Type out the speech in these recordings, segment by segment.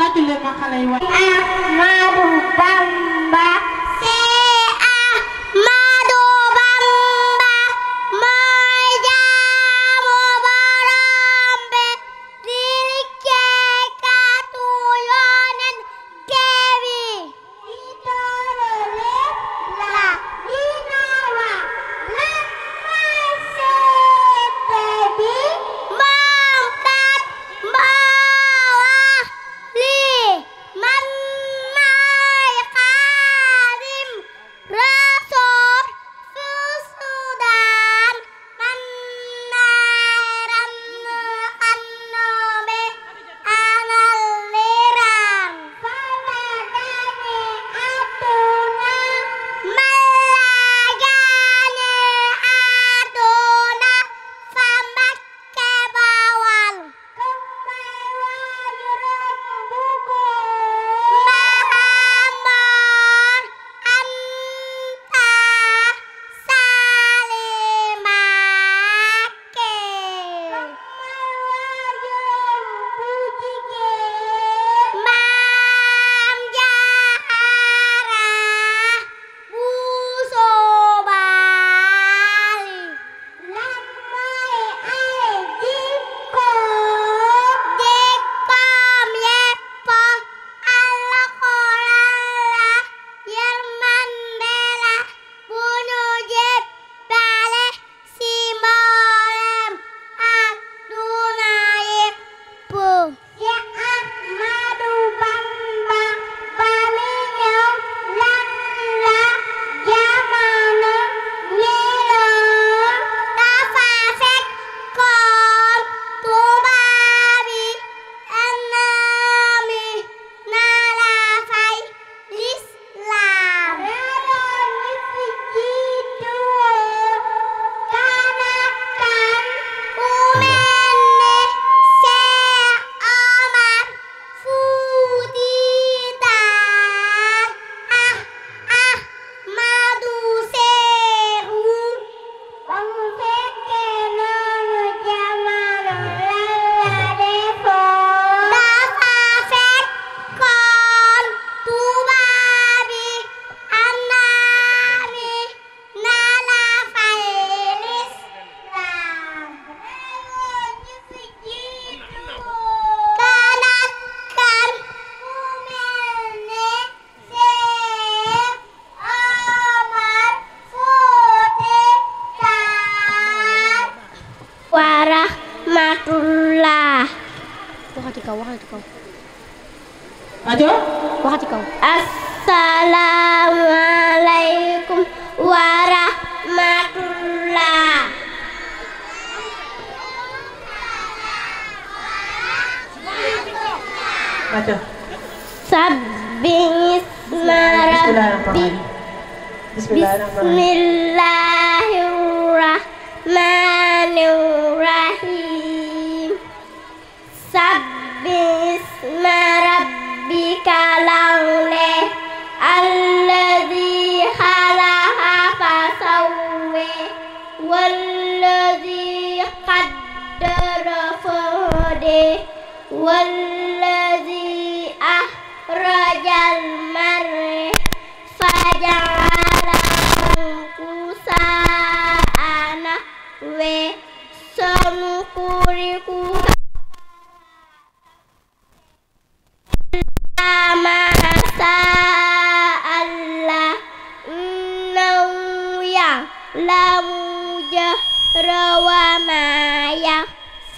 tàccu leen ma xale yi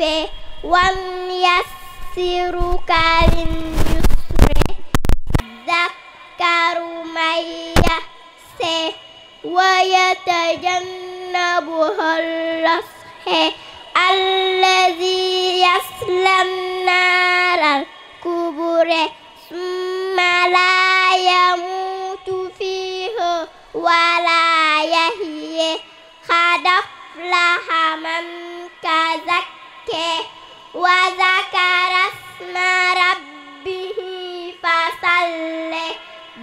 fe ونيسرك لليسر ذكر من يأسى ويتجنبها الأشقى الذي يصلى النار الكبرى ثم لا يموت فيها ولا يحيى قد أفلح من تزكى ke wa zakara sma rabbihi fasalle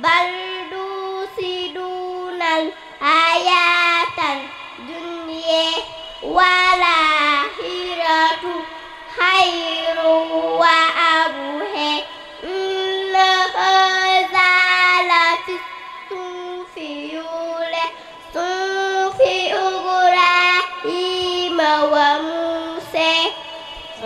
bal tusidunal hayatal dunya wal akhiratu khairu wa abu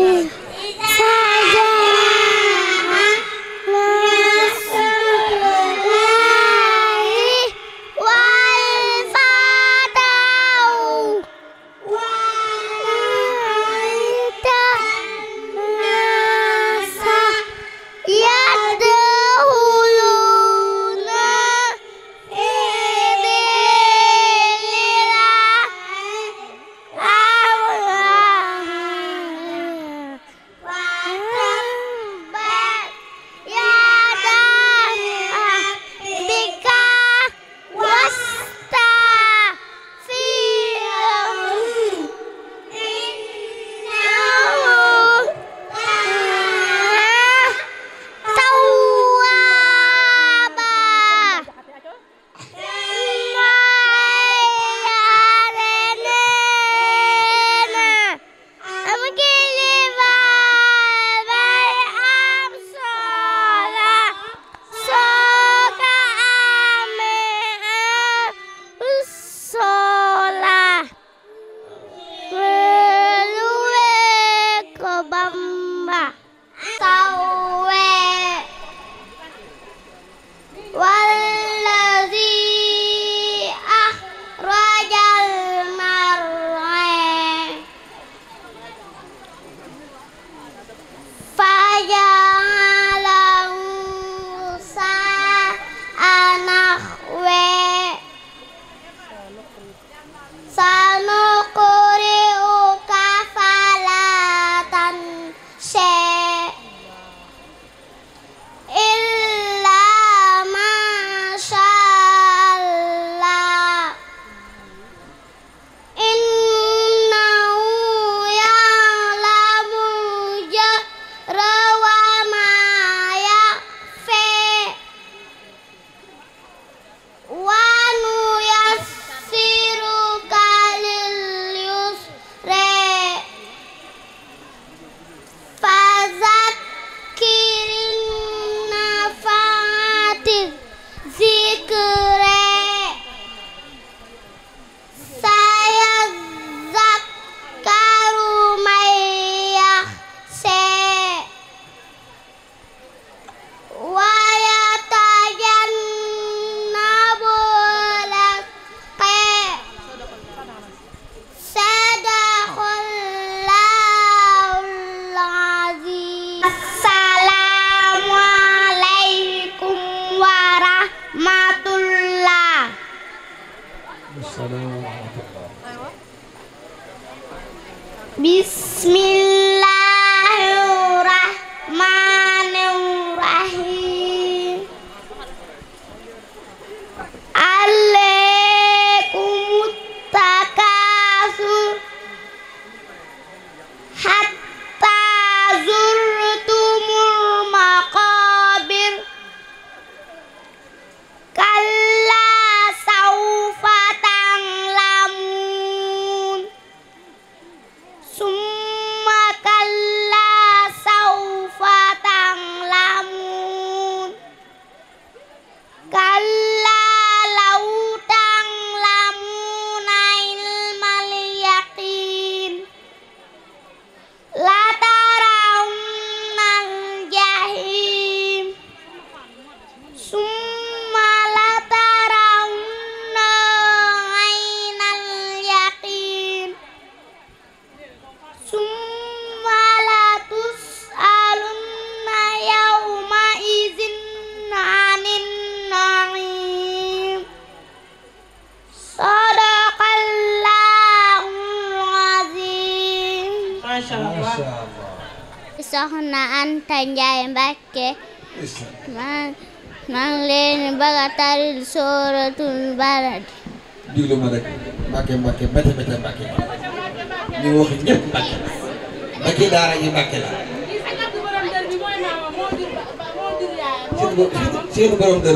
Ooh.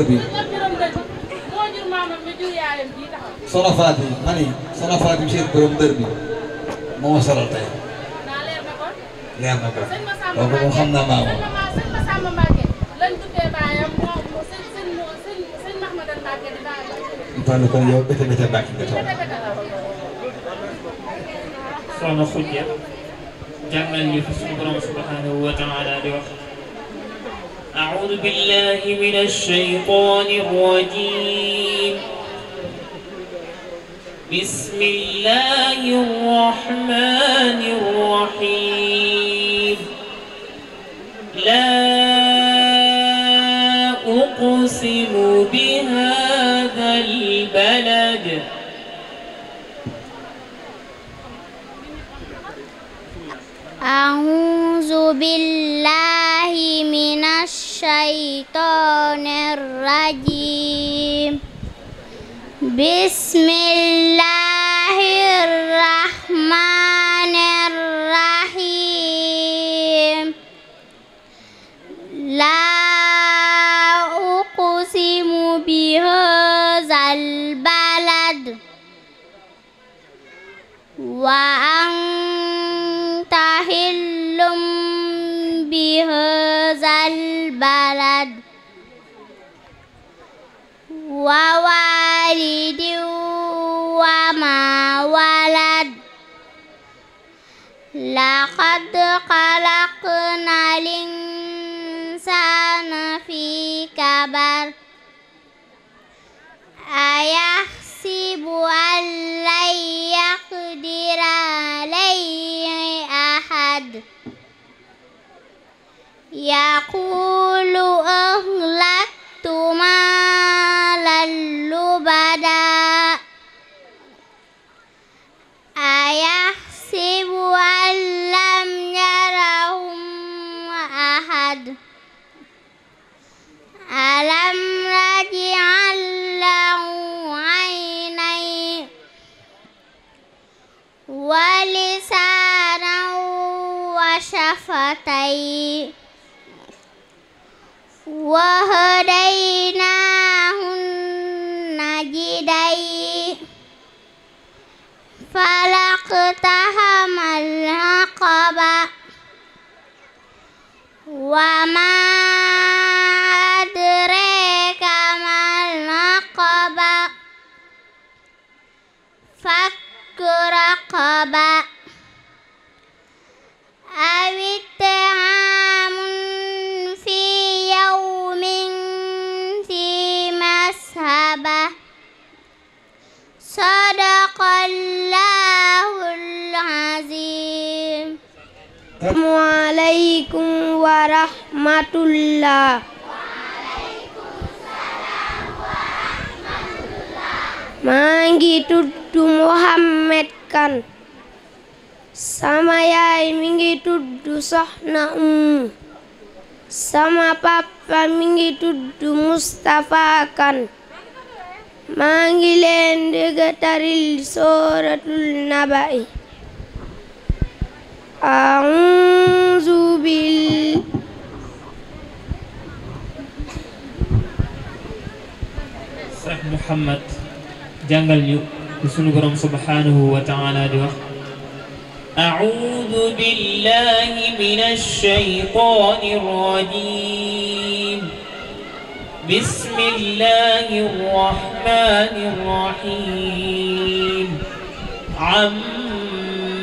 sër bi soxna Fatou ma ni soxna Fatou seen borom dër bi moo ma solal tey leer na ko donc moom xam naa maa moom Fane kon yow bete bete bàkk nga toog soxna Khoudia jàngal ñu fi suñu borom subhanahu wa taala di wax أعوذ بالله من الشيطان الرجيم بسم الله الرحمن الرحيم لا أقسم بهذا البلد أعوذ بالله من الشيطان الشيطان الرجيم بسم الله الرحمن الرحيم لا أقسم بهذا البلد وأنت حل بهذا البلد ووالد وما ولد لقد خلقنا الإنسان في كبد أيحسب أن لن يقدر عليه أحد يقول أهلكت مالا لبدا أيحسب أن لم يره أحد ألم نجعل له عينين ولسانا وشفتين وهديناه النجدين فلا اقتحم العقبة وما أدريك ما العقبة فك رقبة asalaamualeykum wa rahmatullah. maa ngi tudd Muhammed Kan. sama yaay mi ngi tudd Soxna Umu. sama papa mi ngi tudd Mustapha Kan. maa ngi leen dëgg taril naba'i أعوذ بال Cheikh Mouhamad jàngal ñu sunu Boroom subhaanahu wa ta'aala di wax أعوذ بالله من الشيطان الرجيم بسم الله الرحمن الرحيم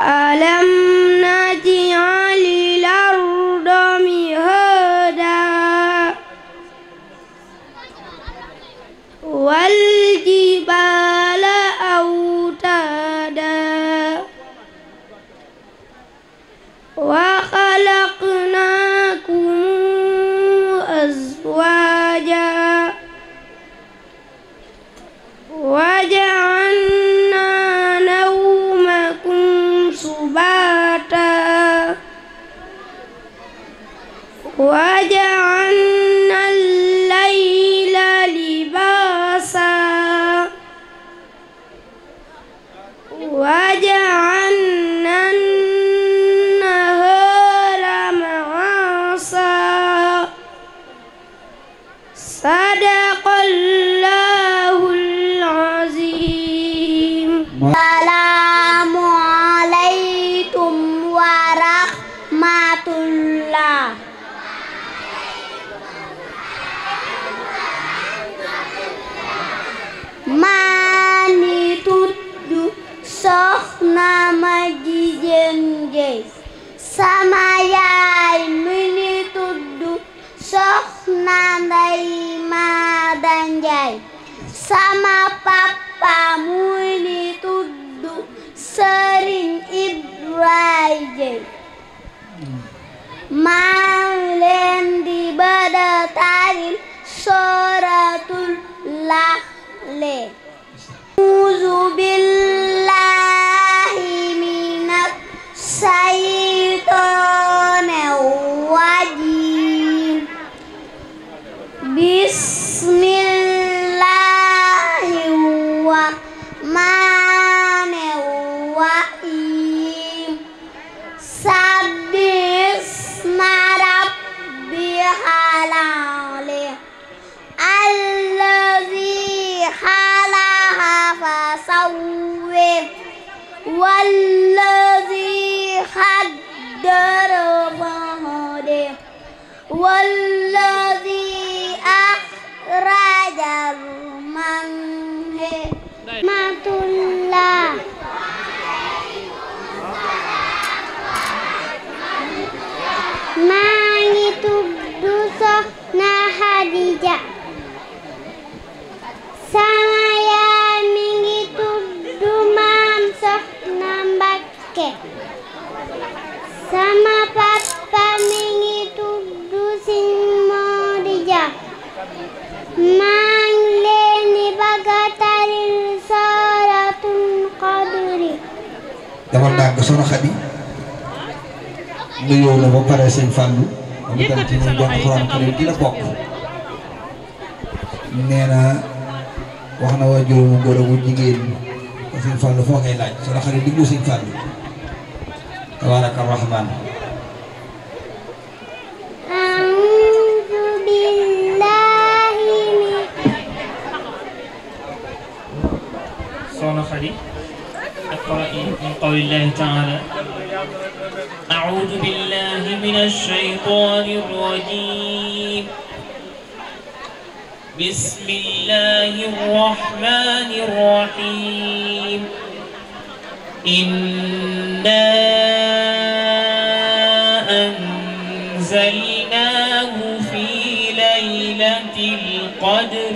ألا وجعلنا géey sama yaay mi ngi tudd soxna nday Maada Njaay sama papa mu ngi tudd sëriñ Ibrahima maa leen di bëda taril sooratul laxle soxna Xadi nuyoo la ba pare sëñ Fallou mu dem ci ñun jàng Alxuraan karim bokk nee na wax na waa juróomu góor bu jigéen sëñ Fallou foo ngay laaj soxna diggu sëñ Fallou tabaraka rahmaan قول الله تعالى أعوذ بالله من الشيطان الرجيم بسم الله الرحمن الرحيم إنا أنزلناه في ليلة القدر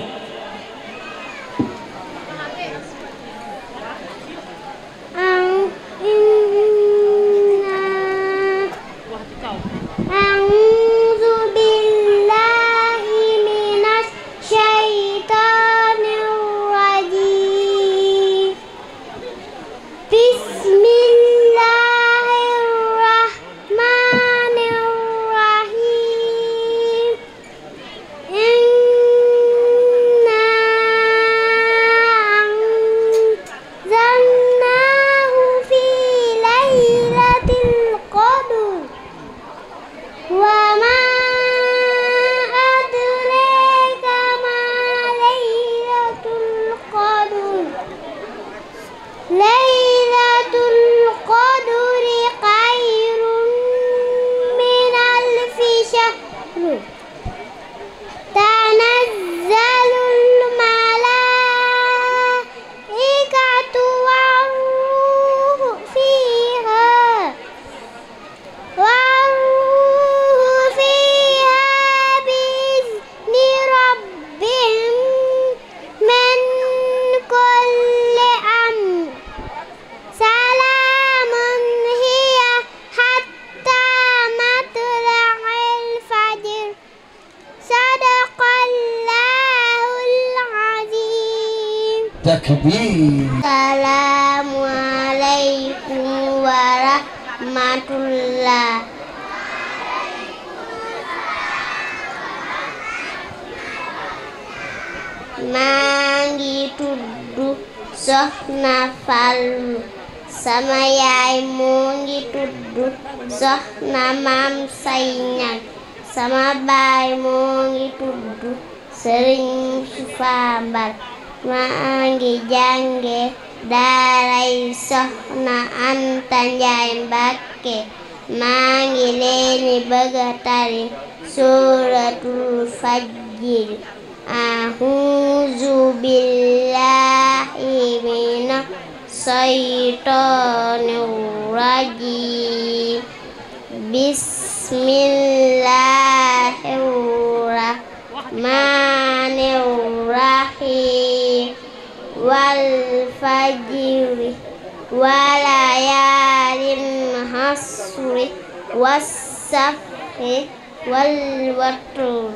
والسبح والوتر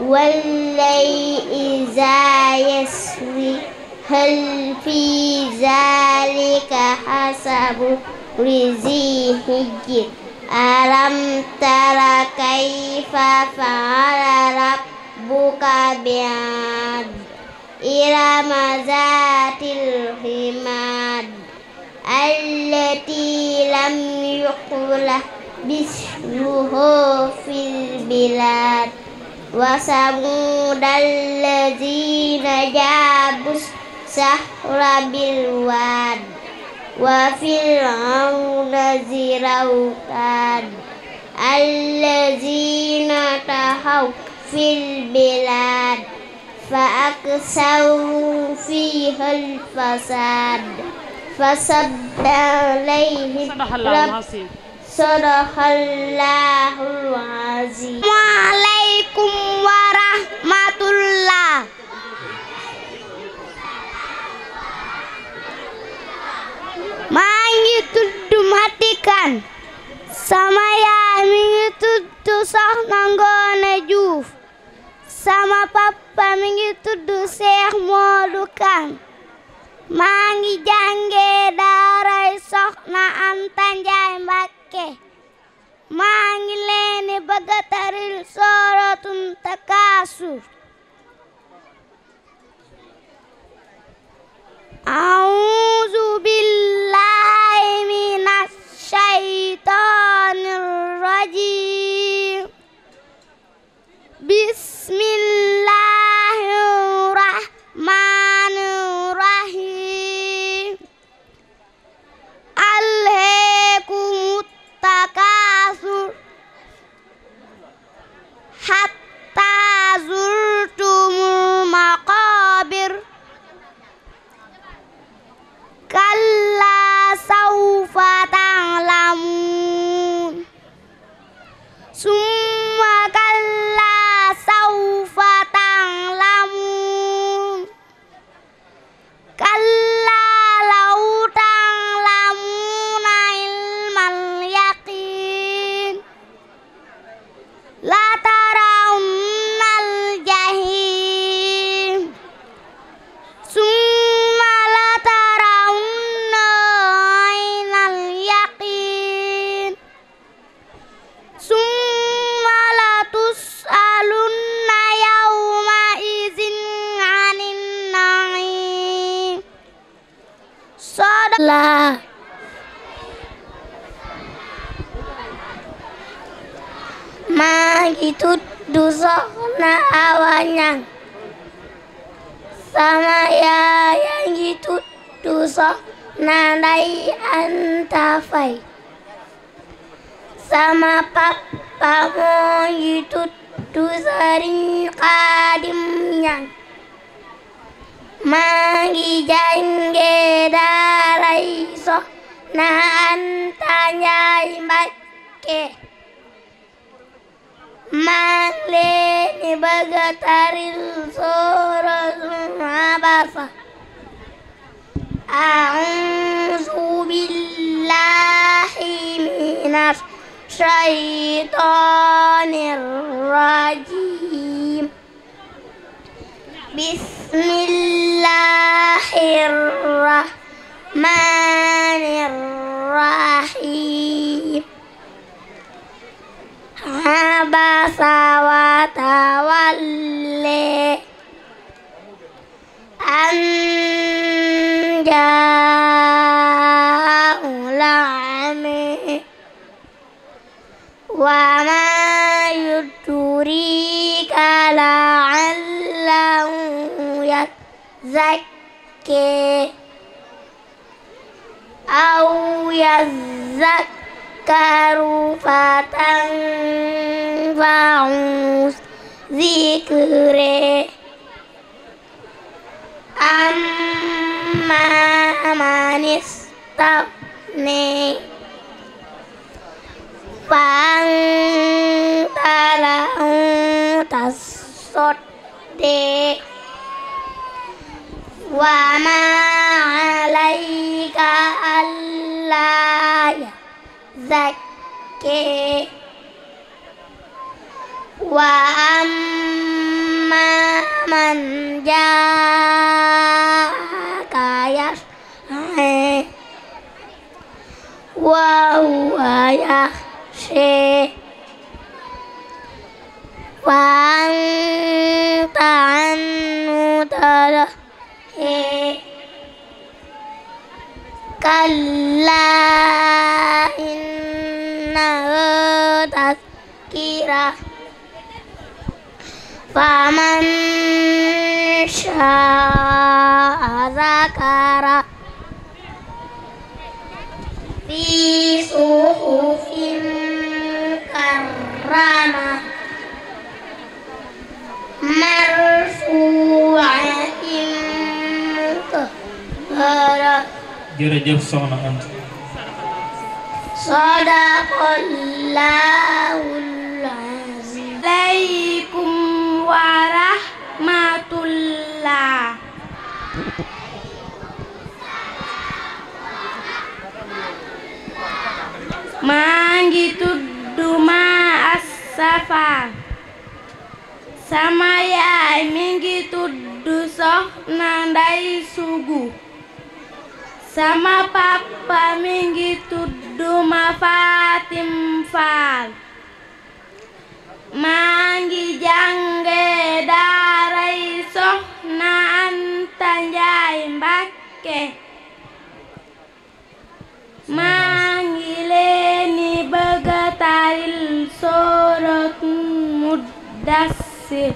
والليل إذا يسري هل في ذلك حسب لذي حجر ألم تر كيف فعل ربك بعاد إرم ذات العماد التي لم يخلق بشره في البلاد وثمود الذين جابوا الصخر بالواد وفرعون ذي الأوتاد الذين طغوا في البلاد فأكثروا فيها الفساد فصب عليهم ربك sadaqallahul aziim waaleykum maa ngi tudd Matikan sama yaay mi ngi tudd Soxna Ngoone Juuf sama papa mi ngi tudd Seex Moodu Kan maa ngi jàngee daaray Soxna Anta Njaay Mbàkke Mbàkke maa ngi leeni bëgga taril sooratum takaasur أعوذ بالله وتولي أن جاءه الأعمى وما يدريك لعله يزكي أو يزكي تذكروا فتنفعوا ذكري أما من استغني فأنت له تصدي وما عليك ألا يهدي زكي وأما من جاءك يسعى وهو يخشى وأنت عنه تلهي كلا إنه تذكرة فمن شاء ذكره في صحف مكرمة مرفوعة مطهرة jërëjëf soxna Anta sadaqallaahul aziim maa ngi tudd ma Asafa sama yaay mi ngi tudd soxna Nday Sugu sama papa mi ngi tudd ma Fatim maa ngi jànge daaray Soxna Anta Njaay Mbakke maa ngi leeni bëgga taril soorat Muddassir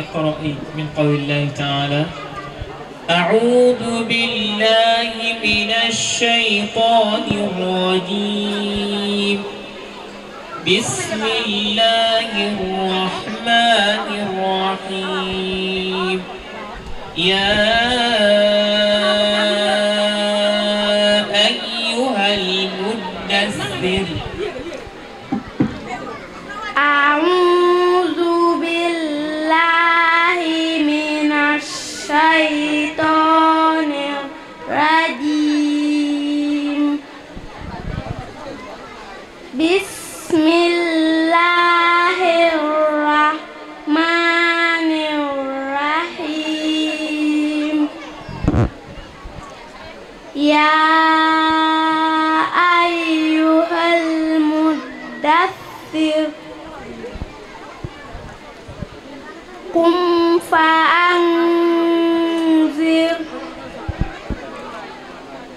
iqra min أعوذ بالله من الشيطان الرجيم بسم الله الرحمن الرحيم يا أيها المدثر أعوذ Bismillahirrahmanirrahim Ya ayyuhal muddaththir Qum fa'anzir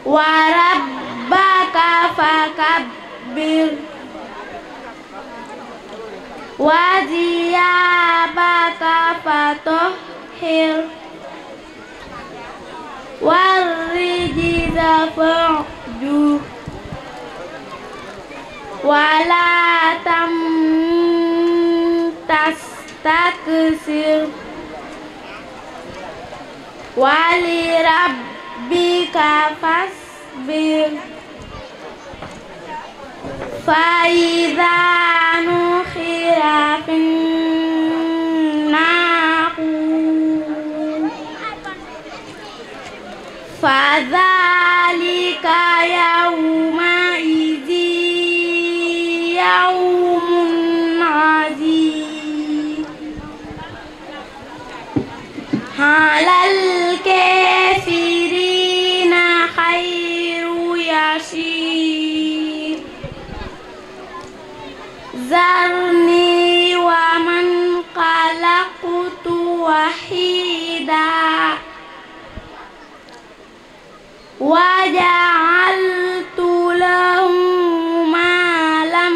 Wa rabbaka fakabbir وثيابك فطهر والرجز فاهجر ولا تمن تستكثر ولربك فاصبر فإذا نخر في الناقور فذلك يومئذ يوم عزيز على الكافرين خير يسير ذرني ومن خلقت وحيدا وجعلت له مالا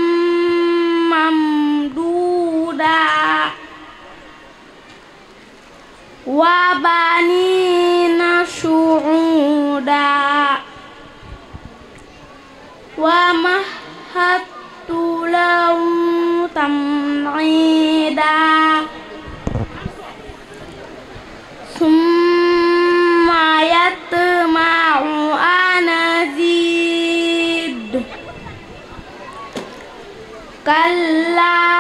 ممدودا وبنين شعودا ومهدت له تمعيدا ثم يطمع أن أزيد كلا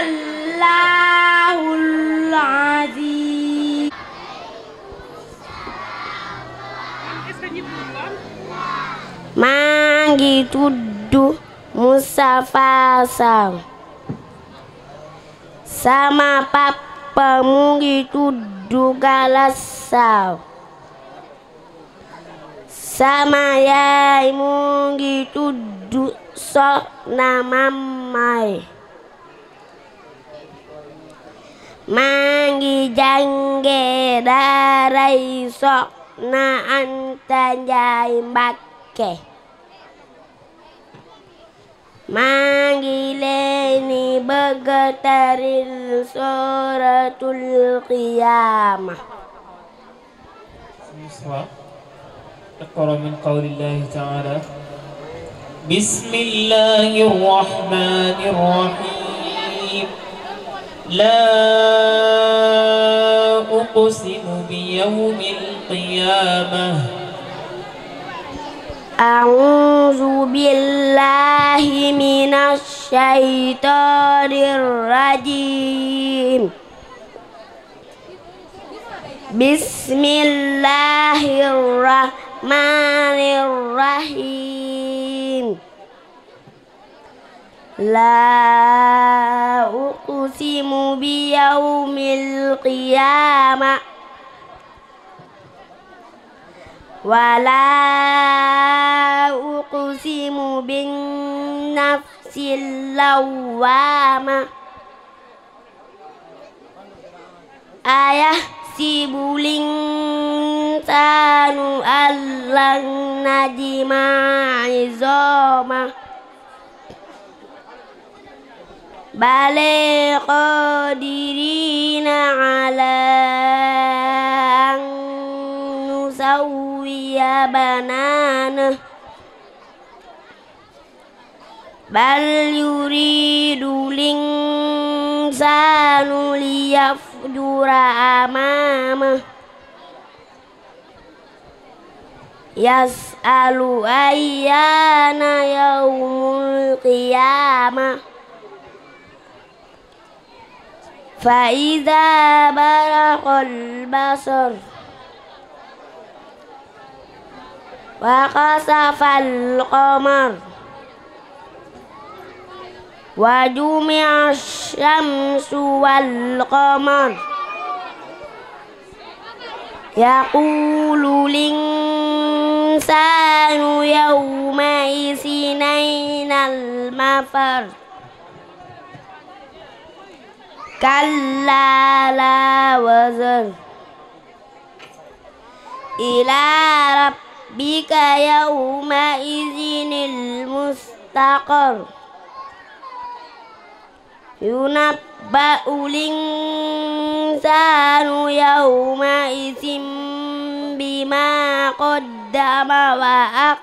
الله العزيز maa ngi tudd Moustapha Sarr sama papa mu ngi tudd Galas Sarr sama yaay mu ngi tudd Soxna maa ngi jànge daaray Soxna Anta Njaay Mbàkke maa ngi leeni bëgg taril sooratul qiyaama اقرأ من قول الله تعالى بسم الله الرحمن الرحيم لا أقسم بيوم القيامة أعوذ بالله من الشيطان الرجيم بسم الله الرحمن الرحيم لا أقسم بيوم القيامة ولا أقسم بالنفس اللوامة أيحسب الإنسان أن لن نجمع عظامه بل قادرين على أن نسوي بنانه بل يريد الإنسان ليفجر أمامه يسأل أيان يوم القيامة فإذا برق البصر وخسف القمر وجمع الشمس والقمر يقول الإنسان يومئذ أين المفر كلا لا وزر إلى ربك يومئذ المستقر ينبأ الإنسان يومئذ بما قدم وأخر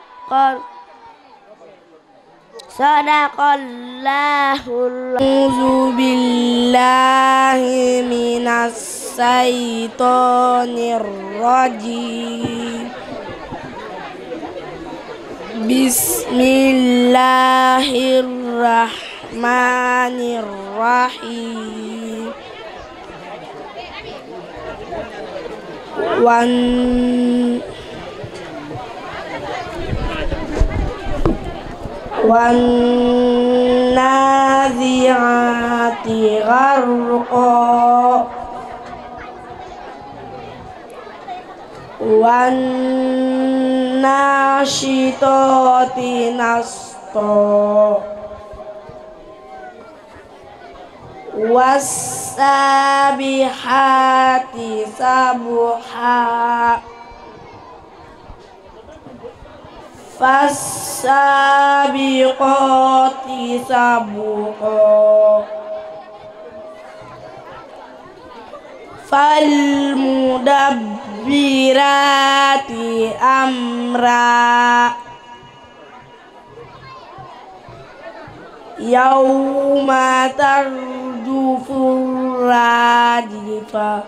sadaqallahul a'uuzu billahi minas saytaanir rajiim bismillahir rahmanir rahiim wan والنازعات غرقا والناشطات نشطا والسابحات سبحا فالسابقات سبقا فالمدبرات أمرا يوم ترجف الراجفة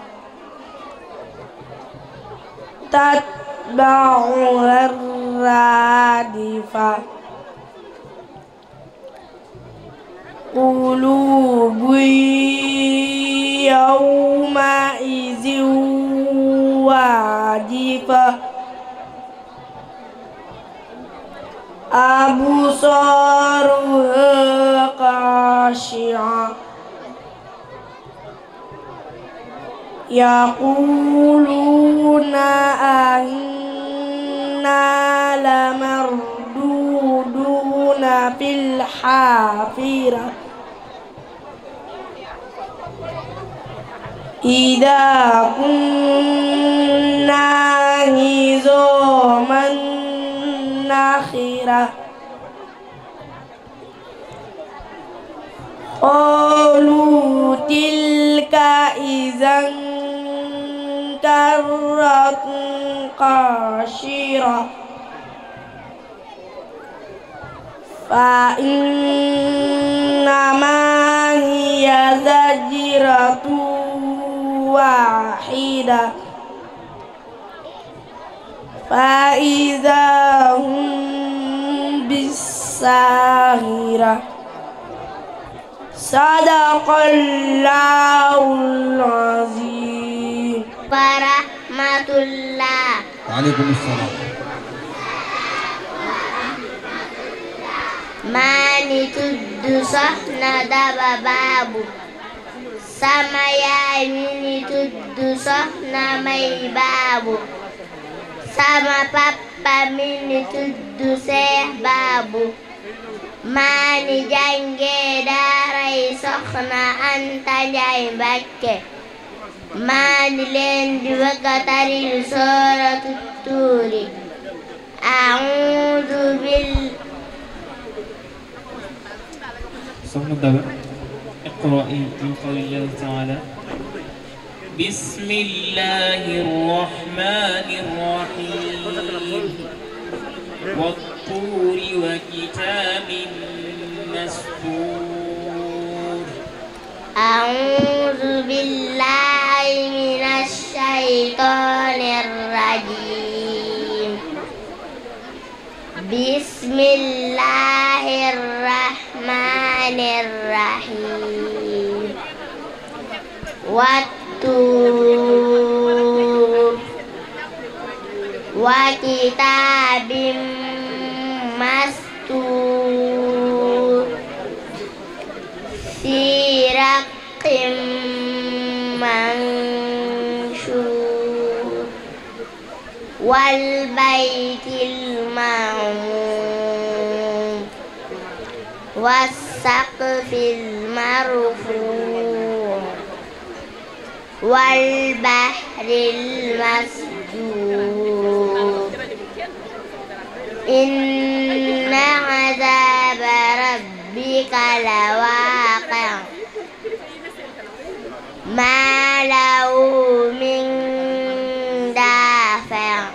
تت تتبعها الرادفة قلوب يومئذ واجفة أبصارها خاشعة يقولون أئنا لمردودون في الحافرة إذا كنا هزوما نخرة قالوا تلك إذا كرة قاشرة فإنما هي زجرة واحدة فإذا هم بالساهرة صدق الله العظيم warahmatullah waaleykum salaam maa ngi Daba Baabu sama yaay mi ngi tudd May Baabu sama papa mi ngi tudd Baabu maa ngi daaray Soxna Anta Njaay maa ngi leen di bëgg a tari sooratu tuuri a'uudu bil soxna Daba iqra'i min qawli llahi ta'ala bismillahi rrahmani rrahim wat-tuuri wa kitaabin maskuur أعوذ بالله من الشيطان الرجيم بسم الله الرحمن الرحيم والتور وكتاب مستور في رق منشور والبيت المعمور والسقف المرفوع والبحر المسجور إن عذاب ربك ربك لواقع ما له من دافع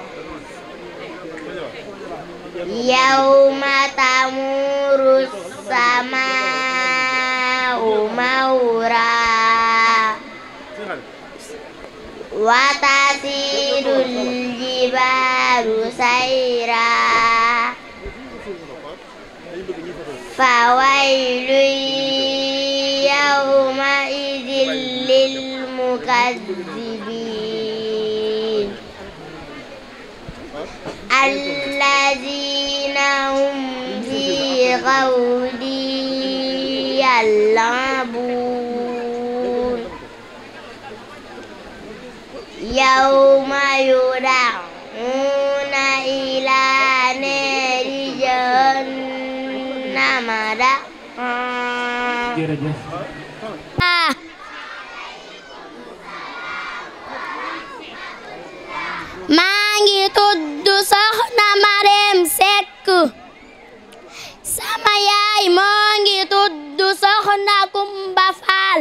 يوم تمور السماء مورا وتسير الجبال سيرا فويل يومئذ للمكذبين الذين هم في غول يلعبون يوم يدعون إلى jërëjëf. Ah. maa ngi tudd Soxna Marem Seck sama yaay moo ngi tudd Soxna Kumba Faal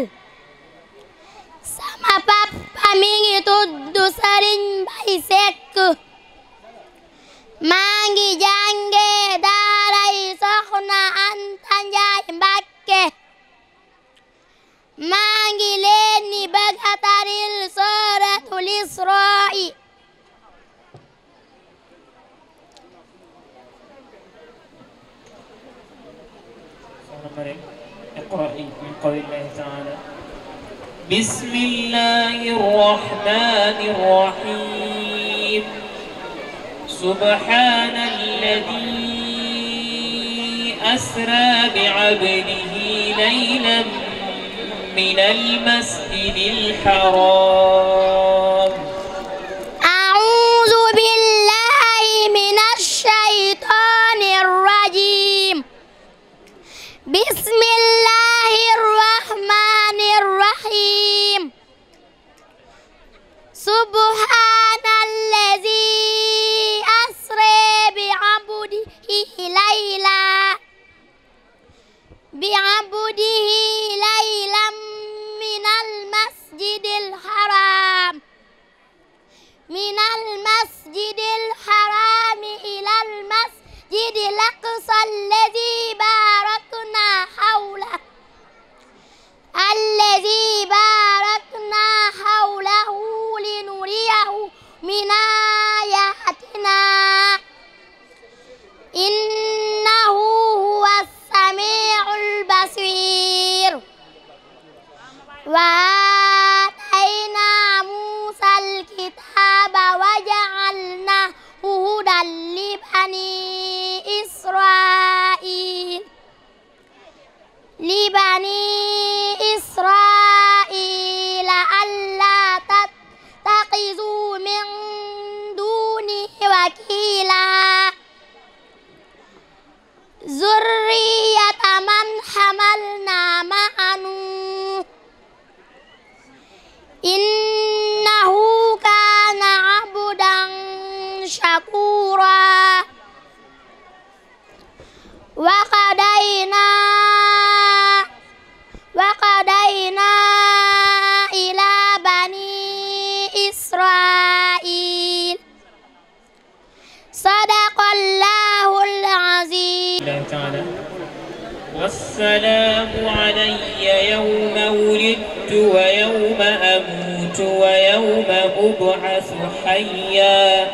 sama papa mi ngi tudd Sëriñ Mbay Seck maa ngi jàngee daaray Soxna Anta Njaay Mbàkke maa ngi leen ni bëgg a taril sooratul Israa بسم الله الرحمن الرحيم سبحان الذي أسرى بعبده ليلا من المسجد الحرام أعوذ بالله من الشيطان الرجيم بسم الله الرحمن الرحيم سبحان الذي بعبده ليلا بعبده ليلا من المسجد الحرام من المسجد الحرام إلى المسجد الأقصى الذي باركنا حوله الذي باركنا حوله لنريه من آياتنا innahu huwa samiul basir wa atayna musa alkitaba wa ja'alnahu hudan li bani israil li bani israil alla tattaxizu min duni wakila ذرية من حملنا مع نوح إنه كان عبدا شكورا وقضينا وقضينا الله تعالى والسلام علي يوم ولدت ويوم أموت ويوم أبعث حيا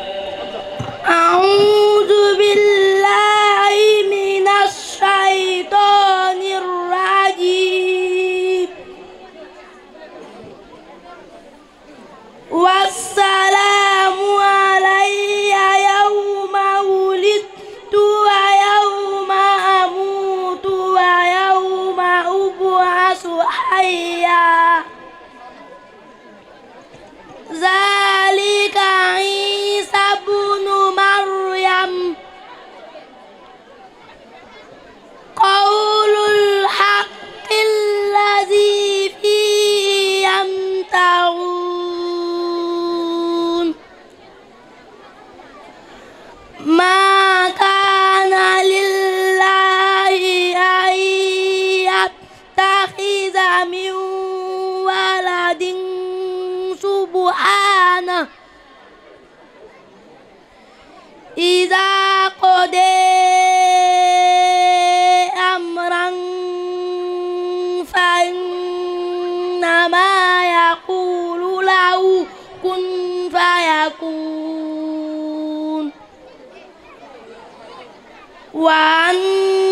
وأن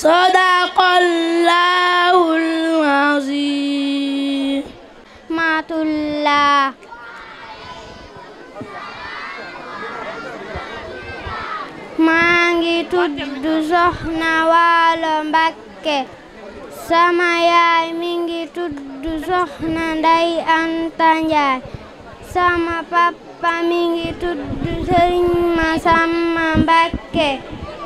sadaqallaahul aziim matullah maa ngi tudd Soxna Waalo Mbakke sama yaay mi ngi tudd Soxna Nday Anta sama papa mi ngi tudd Sëriñ Masamba Mbakke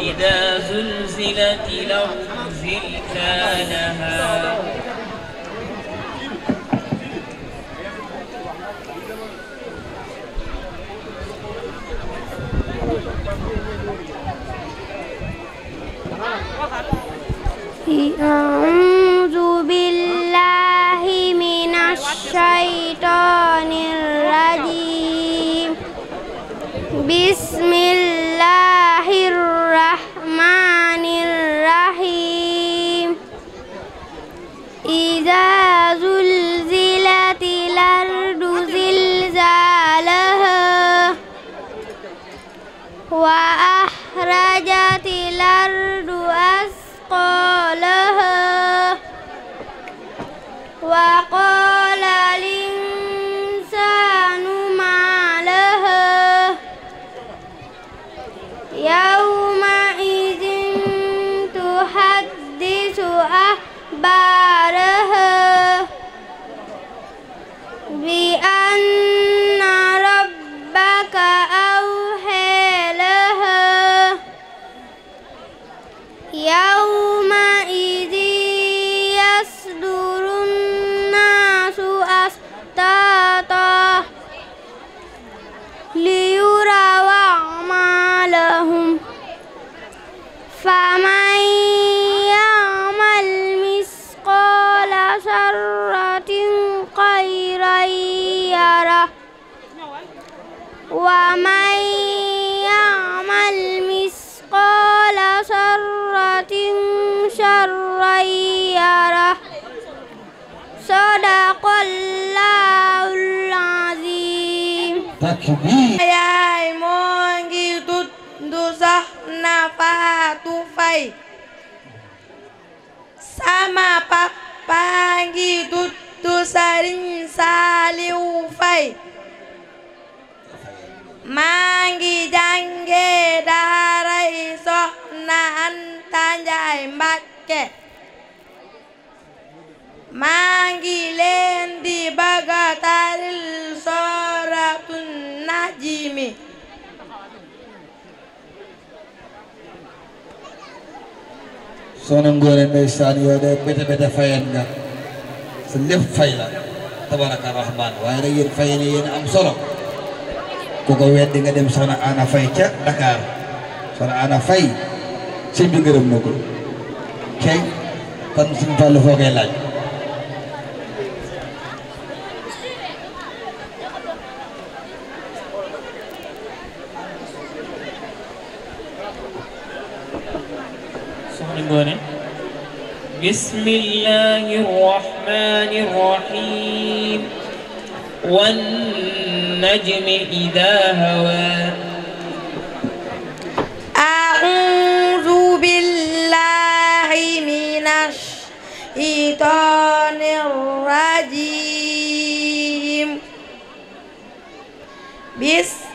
إذا زلزلت الأرض زلزالها أعوذ بالله من الشيطان الرجيم bismillahirrahman yaay moo ngi tuddu Soxna Faatu Fay sama papa ngi tuddu Sëriñ Saaliw Fay maa daaray Soxna Anta Mbakke maa ngi leen di bëgga taril sooratu najmi soxna Ngoone ndeysaan yow de bete bete fayeen nga sa lépp fay la tabaraka rahman waaye nag yéen fayeen yéen am solo ku ko weddi nga dem soxna Ana Fay ca Dakar soxna Ana Fay sëñ bi gërëm na ko kay kon suñu fàll foo koy laaj Ngoné bismillahi rahmani rahim wan najmi ida hawa a'udhu billahi minash shaitanir rajim bis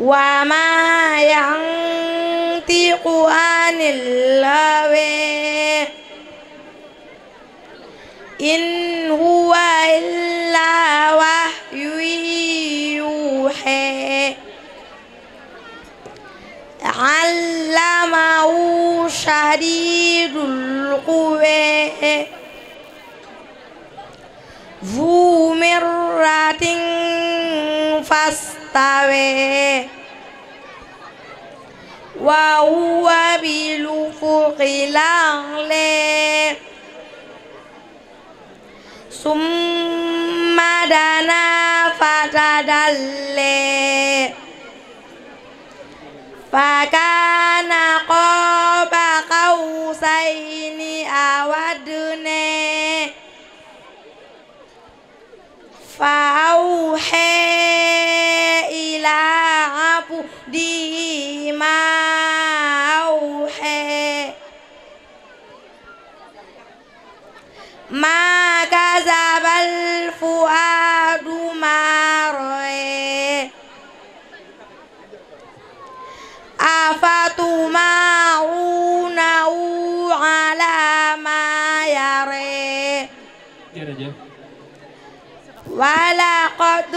وما ينطق عن الهوى إن هو إلا وحي يوحى علمه شديد القوى استوى وهو بالأفق الأعلى ثم دنا فتدلى فكان قاب قوسين أو أدنى فأوحى laa buddi ma awxee ma kazabal fuaadu ma roye ولقد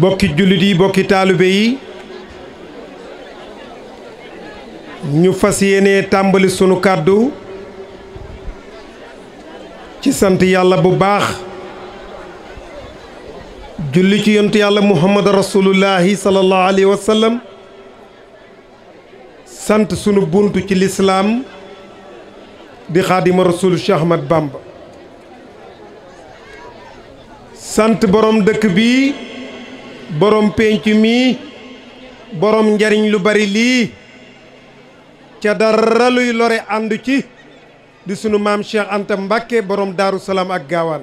bokki jullit yi bokki taalibe yi ñu fas yéene tàmbali sunu kàddu ci sant yàlla bu baax julli ci yontu yàlla muhammad rasulullahi sallallahu alayhi wa sallam sant sunu bunt ci lislaam di xaadima rasul Cheikh Ahmad Bamba sant boroom dëkk bi borom pénc mi borom njariñ lu bari lii ca dara luy lore àndu ci di sunu maam Cheikh Anta Mbàkke borom daaru salaam ak gaawaan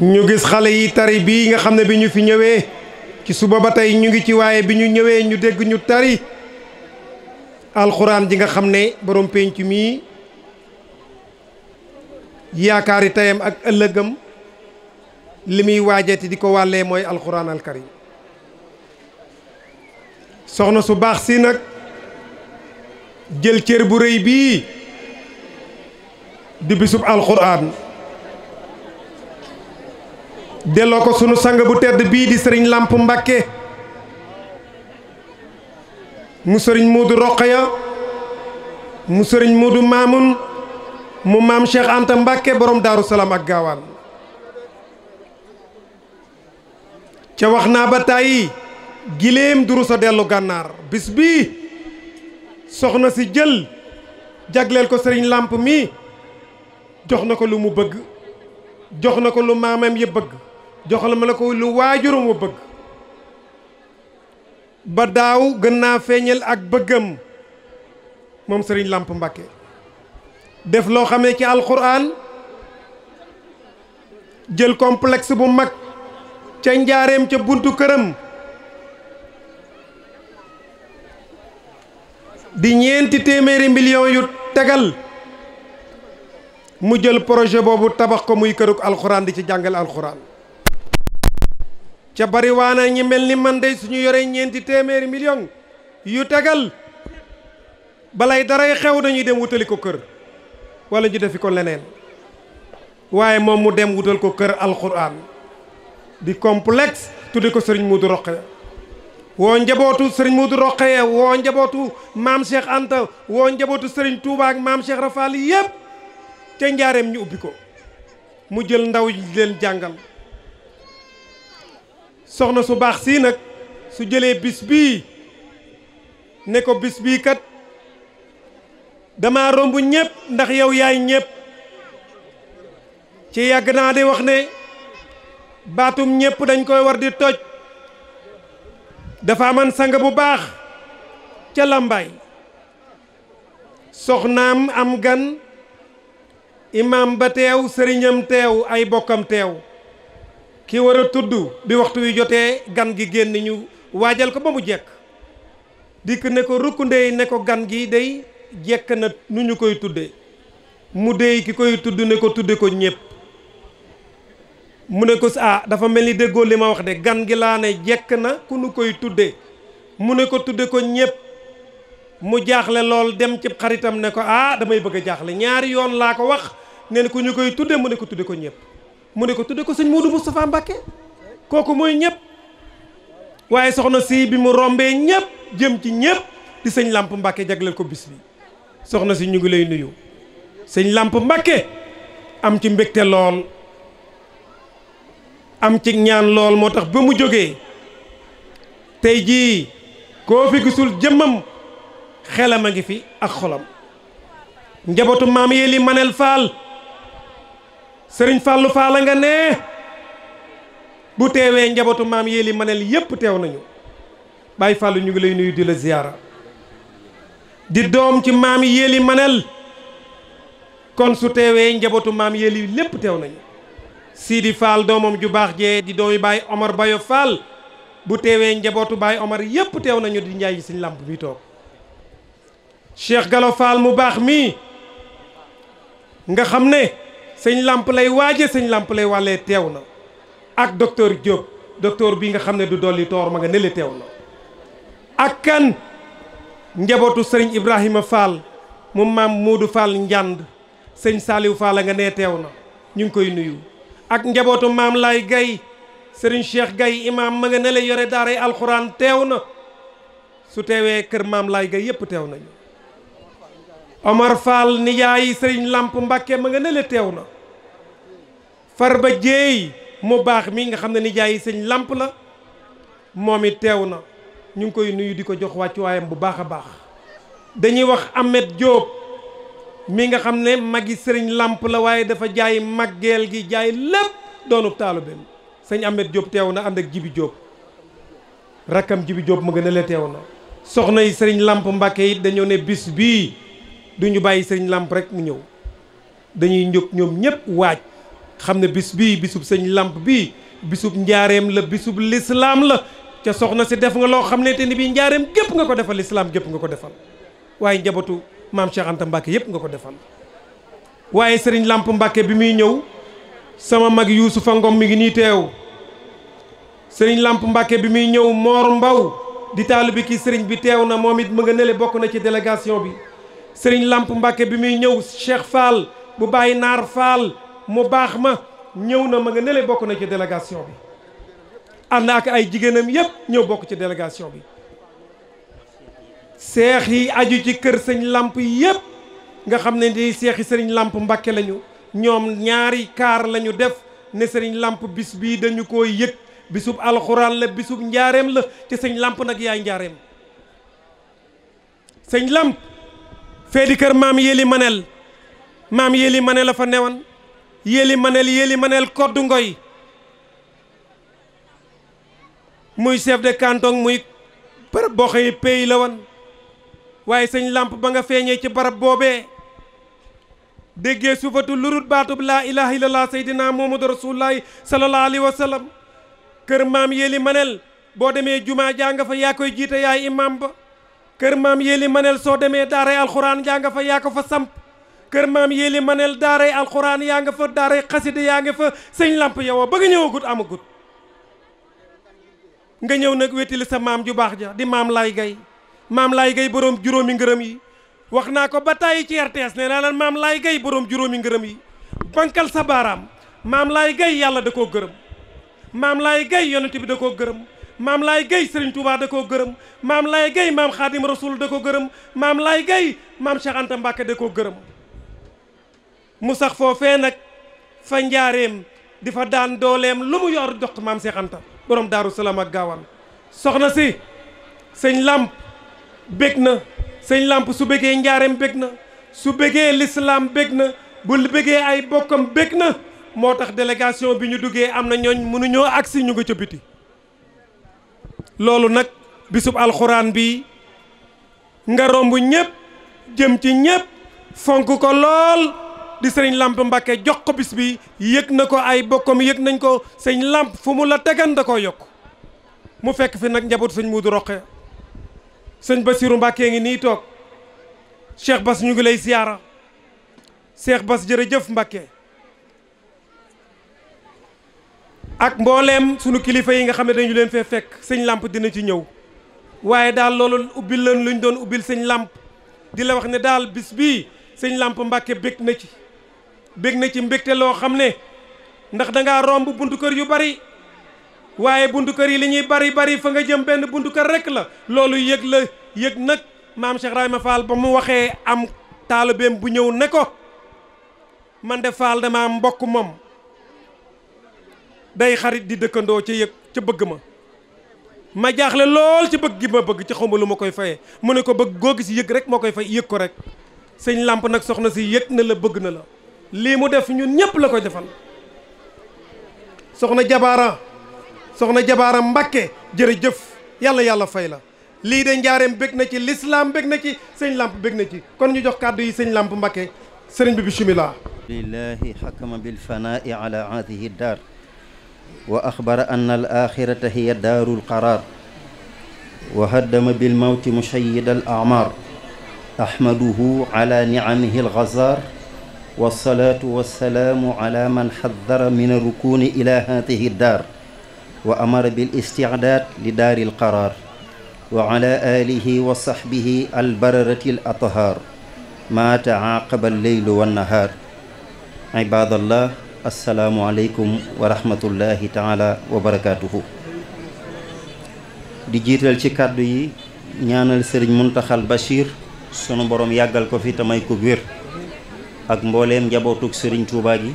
ñu gis xale yi tari bii nga xam ne bi ñu fi ñëwee ci suba ba tey ñu ngi ci waaye bi ñu ñëwee ñu dégg ñu tari alxuraan ji nga xam ne borom penc mii yaakaari tayam ak ëllëgam li muy waajati di ko wàllee mooy alxuraan alkarim soxna su baax si nag jël cër bu rëy bii di bisub alxuraan delloo ko sunu sang bu tedd bii di sëriñ làmp mbàkke mu sëriñ muudu roqaya mu sëriñ muudu maamun mu maam cheikh anta mbàkke boroom daaru salaam ak gaawaan ca wax naa ba tàyyi giléem duru sa dellu gànnaar bis bi soxna si jël jagleel ko sëriñ làmp mi jox na ko lu mu bëgg jox na ko lu maamam yi bëgg joxal ma la ko lu waajuram wa bëgg ba daaw gën naa feeñal ak bëggam moom sëriñ làmp mbàkke def loo xamee ci alxuraan jël complexe bu mag ca njaareem ca buntu këram di ñeenti téeméeri millions yu tegal mu jël projet boobu tabax ko muy kërug alxuraan di ci jàngal alxuraan ca bari bariwaana ñi mel ni man day suñu yoree ñeenti téeméeri million yu tegal balay daray xew dañuy dem wutali ko kër walla ñu defi ko leneen waaye moom mu dem wutal ko kër alxuraan di complexe tuddi ko sëriñ Muudu Roqaya woo njabootu sëriñ Muudu Roqaya woo njabootu maam Cheikh Anta woo njabootu sëriñ tuubaak ak maam Cheikh Rafal yépp ca njaareem ñu ubbi ko mu jël ndaw ji leen jàngal soxna su baax sii nag su jëlee bis bii ne ko bis bii kat dama romb ñépp ndax yow yaay ñépp ci yàgg naa di wax ne baatum ñépp dañ koy war di toj dafa aman sang bu baax ca làmbaay soxnaam am gan imaam ba teew sëriñam teew ay bokkam teew ki war a tudd bi waxtu wi jotee gan gi génn ñu waajal ko ba mu jekk dikk ne ko rukk ndey ne ko gan gi day jekk na nu ñu koy tudde mu dey ki koy tudd ne ko tudde ko ñépp mu ne ko ah dafa mel ni déggoo li ma wax de gan gi laa ne jekk na ku nu koy tudde mu ne ko tudde ko ñépp mu jaaxle lool dem ci xaritam ne ko ah damay bëgg jaaxle ñaari yoon laa ko wax ne ku ñu koy tudde mu ne ko tudde ko ñépp mu ne ko tudde ko sëñ Modou Moustapha Mbacké kooku mooy ñëpp waaye soxna si bi mu rombee ñëpp jëm ci ñëpp di sëñ làmp Mbacké jagleel ko bis bi soxna si ñu ngi lay nuyu sëñ làmp Mbacké am ci mbégte lool am ci ñaan lool moo tax ba mu jógee tey jii koo fi gisul jëmmam xelam a ngi fi ak xolam njabootu maam yee li manel faal sëriñ fàllu faala nga ne bu teewee njabootu maam yéeli manel yépp teew nañu bàyyi fàllu ñu ngi lay nuyu di la ziyaara di doom ci maam yéeli manel kon su teewee njabootu maam yéeli lépp teew nañu Sidi Fall doomam ju baax jee di doomi Baye Omar Bayo Fall bu teewee njabootu baay Omar yépp teew nañu di njaay siñ làmp mi toog Cheikh Gallo Fall mu baax mii nga xam ne sëñ làmp lay waaje sëñ làmp lay wàllee teew na ak docteur Diop docteur bi nga xam ne du dolli toor ma nga nele teew na ak kan njabootu sëriñ Ibrahima Fall mu maam Moodu Fall njànd sëñ Saaliw Fall nga nee teew na ñu ngi koy nuyu ak njabootu maam Laay Gay sëriñ Cheikh Gay imaam ma nga nele yore daaray alxuraan teew na su teewee kër maam lay Gay yépp teew nañu Omar Fall nijaay sëriñ Lamp Mbàkke ma nga nele teew na Farba Jéey mu baax mi nga xam ne nijaay yi sëñ làmp la moom it teew na ñu ngi koy nuyu di ko jox wàccuwaayam bu baax a baax dañuy wax Ahmed Diop mi nga xam ne magi sëriñ làmp la waaye dafa jaay maggeel gi jaay lépp doonub taalibeem sëñ Ahmed Diop teew na ànd ak Jibi Diop rakkam Jibi Diop mu gën teew na soxna yi sëriñ làmp Mbàkke it dañoo ne bis bii duñu bàyyi sëriñ làmp rek mu ñëw dañuy njóg ñoom ñëpp waaj xam ne bis bi bisub sëñ làmp bii bisub njaareem la bisub lislaam la ca soxna si def nga loo xam ne te ni bi njaareem gépp nga ko defal lislaam gépp nga ko defal waaye njabootu maam Cheikh Anta Mbacke yëpp nga ko defal waaye sëriñ làmp Mbacke bi muy ñëw sama mag Yuusufa Ngom mi ngi nii teew sëriñ làmp Mbacke bi muy ñëw Moor Mbaw di taalu bi kii sëriñ bi teew na moom it mu nga nele bokk na ci délégation bi sëriñ làmp Mbacke bi muy ñëw Cheikh Fall bu bàyyi naar Fall mu baax ma ñëw na ma nga nele bokk na ci délégation bi ànd ak ay jigéenam yépp ñëw bokk ci délégation bi seex yi aju ci kër sëñ làmp yépp nga xam ne di seexi yi sëriñ làmp mbakke lañu ñoom ñaari kaar lañu def ne sëriñ làmp bis bi dañu ko yëg bisub alxuraan la bisub njaareem la ci sëñ làmp nag yaay njaareem sëñ làmp fee kër maam yéeli manel maam yéeli manel la fa newoon yéeli maneel yéeli maneel koddu ngoy muy chef de canton muy barab boo xëy pays la woon waaye sëñ làmp ba nga feeñee ci barab boobee déggee sufatu lurut baatub laa ilaha laa sayyidina muhammadu rasulullahi sallallahu alayhi wa sallam kër maam yéeli maneel boo demee jumaa jaa nga fa yaa koy jiite yaay imam ba kër maam yéeli maneel soo demee daaray alxuraan jaa nga fa yaa ko fa samp kër maam yéeli manel daaray alxuraan yaa nga fa daaray xasida yaa nga fa sëñ làmp yow ba nga ñëwagut amagut nga ñëw nag wétali sa maam ju baax ja di maam lay gay maam lay gay boroom juróomi ngërëm yi wax naa ko ba tàyyi ci RTS nee naa leen maam lay gay boroom juróomi ngërëm yi bankal sa baaraam maam lay gay yàlla da koo gërëm maam lay gay yonent bi da koo gërëm maam lay gay sëriñ Touba da koo gërëm maam lay gay maam xaadim rasul da koo gërëm maam lay gay maam Cheikh Anta da koo gërëm mu sax foofee nag fa njaareem di fa daan dooleem lu mu yor jox maam Cheikh Anta borom daaru salaam ak gaawam soxna si sëñ làmp bég na sëñ làmp su bégee njaareem bég na su bégee lislaam bég na bu bégee ay bokkam bég na moo tax délégation bi ñu duggee am na ñooñ mënuñoo agsi ñu nga ca biti loolu nag bisub alxuraan bi nga romb ñépp jëm ci ñépp fonk ko lool di sëriñ làmp Mbacke jox ko bis bi yëg na ko ay bokkam yëg nañ ko sëñ làmp fu mu la tegan da koo yokk mu fekk fi nag njaboot sëñ Muudu Roqe sëñ Basiru Mbacke ngi nii toog Cheikh Bas ñu ngi lay siyaara Cheikh Bas jëf Mbacke ak mbooleem sunu kilifa yi nga xam ne dañu leen fee fekk sëñ làmp dina ci ñëw waaye daal loolu ubbil leen luñ doon ubbil sëñ làmp di la wax ne daal bis bii sëñ làmp Mbacke bég na ci bég na ci mbégte loo xam ne ndax danga romb buntu kër yu bari waaye buntu kër yi li ñuy bari bari fa nga jëm benn buntu kër rek la loolu yëg la yëg nag maam Cheikh Rahima Fall ba mu waxee am taalibeem bu ñëw ne ko man de Fall dama mbokk moom day xarit di dëkkandoo ca yëg ca bëgg ma ma jaaxle lool ci bëgg gi ma bëgg ci xawma lu ma koy fayee mu ne ko bëgg goo gis yëg rek moo koy fay yëg ko rek sëñ làmp nag soxna si yëg na la bëgg na la lii mu def ñun ñëpp la ko defal soxna jabara soxna jabaara Mbàkke jërëjëf yàlla yàlla fay la lii de njaareem bég na ci lislaam bég na ci sëñ làmp bég na ci kon ñu jox kàddu yi sëñ làmp Mbàkke sëriñ bi bismillah lillahi xakama bilfanaai ala hadihi daar wa axbara an al axirata hiya daaru lqaraar wa haddama bilmawti mushayida al amaar ahmaduhu ala niamihi algazar wasalaatu wasalaamu ala man xaddara min arukuni ila hatihi daar wa amara bil isticdaad li daari lqaraar wa ala alihi wa saxbihi albararati l athaar maa taaqaba alleylu wannahaar ibadallah assalaamu aleykum wa rahmatullahi taala wa barakatuhu di jiital ci kàddu yi ñaanal sëriñ muntaxal bachir sunu borom yàggal ko fi tamay ko wér ak mbooleem njabootug sëriñ Touba gi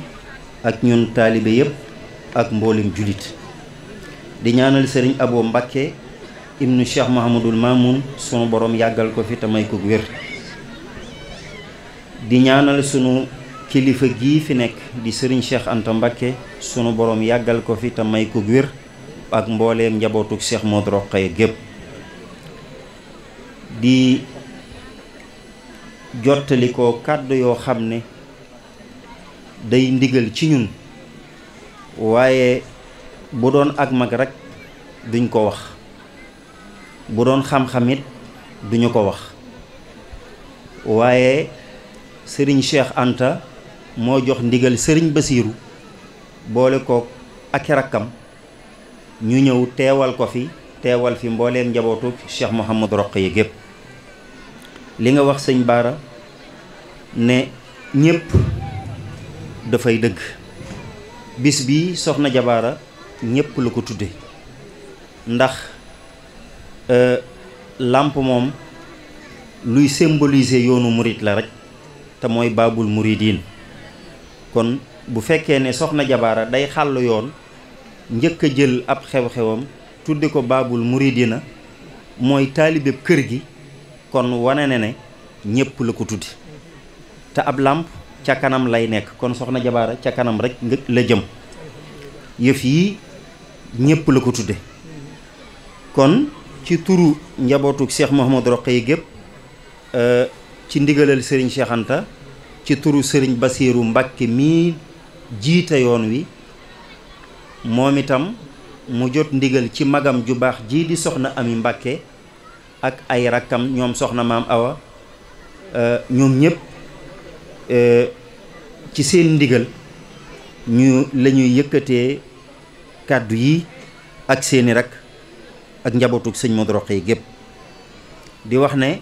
ak ñun taalibe yépp ak mbooleem julit di ñaanal sëriñ Abo Mbacke ibnu Cheikh Mahamadul Mamoun sunu boroom yàggal ko fi te may ko wér di ñaanal sunu kilifa gii fi nekk di sëriñ Cheikh Anta Mbacke sunu boroom yàggal ko fi te may ko wér ak mbooleem njabootug Cheikh Modou Rokhaya gépp di jottali ko kàddu yoo xam ne day ndigal ci ñun waaye bu doon ak mag rekk duñ ko wax bu doon xam-xamit duñu ko wax waaye sëriñ Cheikh Anta moo jox ndigal sëriñ Basiiru boole ko ak rakkam ñu ñëw teewal ko fi teewal fi mbooleel njabootu Cheikh Mouhamadou yi gépp li nga wax sëñ Baara ne ñépp dafay dëgg bis bi soxna jabaara ñépp la ko tudde ndax euh, làmp moom luy symboliser yoonu murit la rek te mooy baabul muridiin kon bu fekkee ne soxna jabaara day xàll yoon njëkk a jël ab xew-xewam tudde ko baabul muridina mooy taalibeb kër gi kon wane na ne ñëpp la ko tuddi te ab làmp ca kanam lay nekk kon soxna jabaara ca kanam rek nga la jëm yëf yi ñëpp la ko tudde kon ci turu njabootu Cheikh Mouhamadou Rokhaya gépp euh, ci ndigalal sëriñ Cheikh ci turu sëriñ Basiiru Mbàkke mii jiite yoon wi moom itam mu jot ndigal ci magam ju baax jii di soxna Ami Mbàkke ak ay rakkam ñoom soxna maam awa euh, ñoom ñëpp euh, ci seen ndigal ñu la ñuy yëkkatee kàddu yi ak seeni rak ak njabootu sëñ Modou yi gépp di wax ne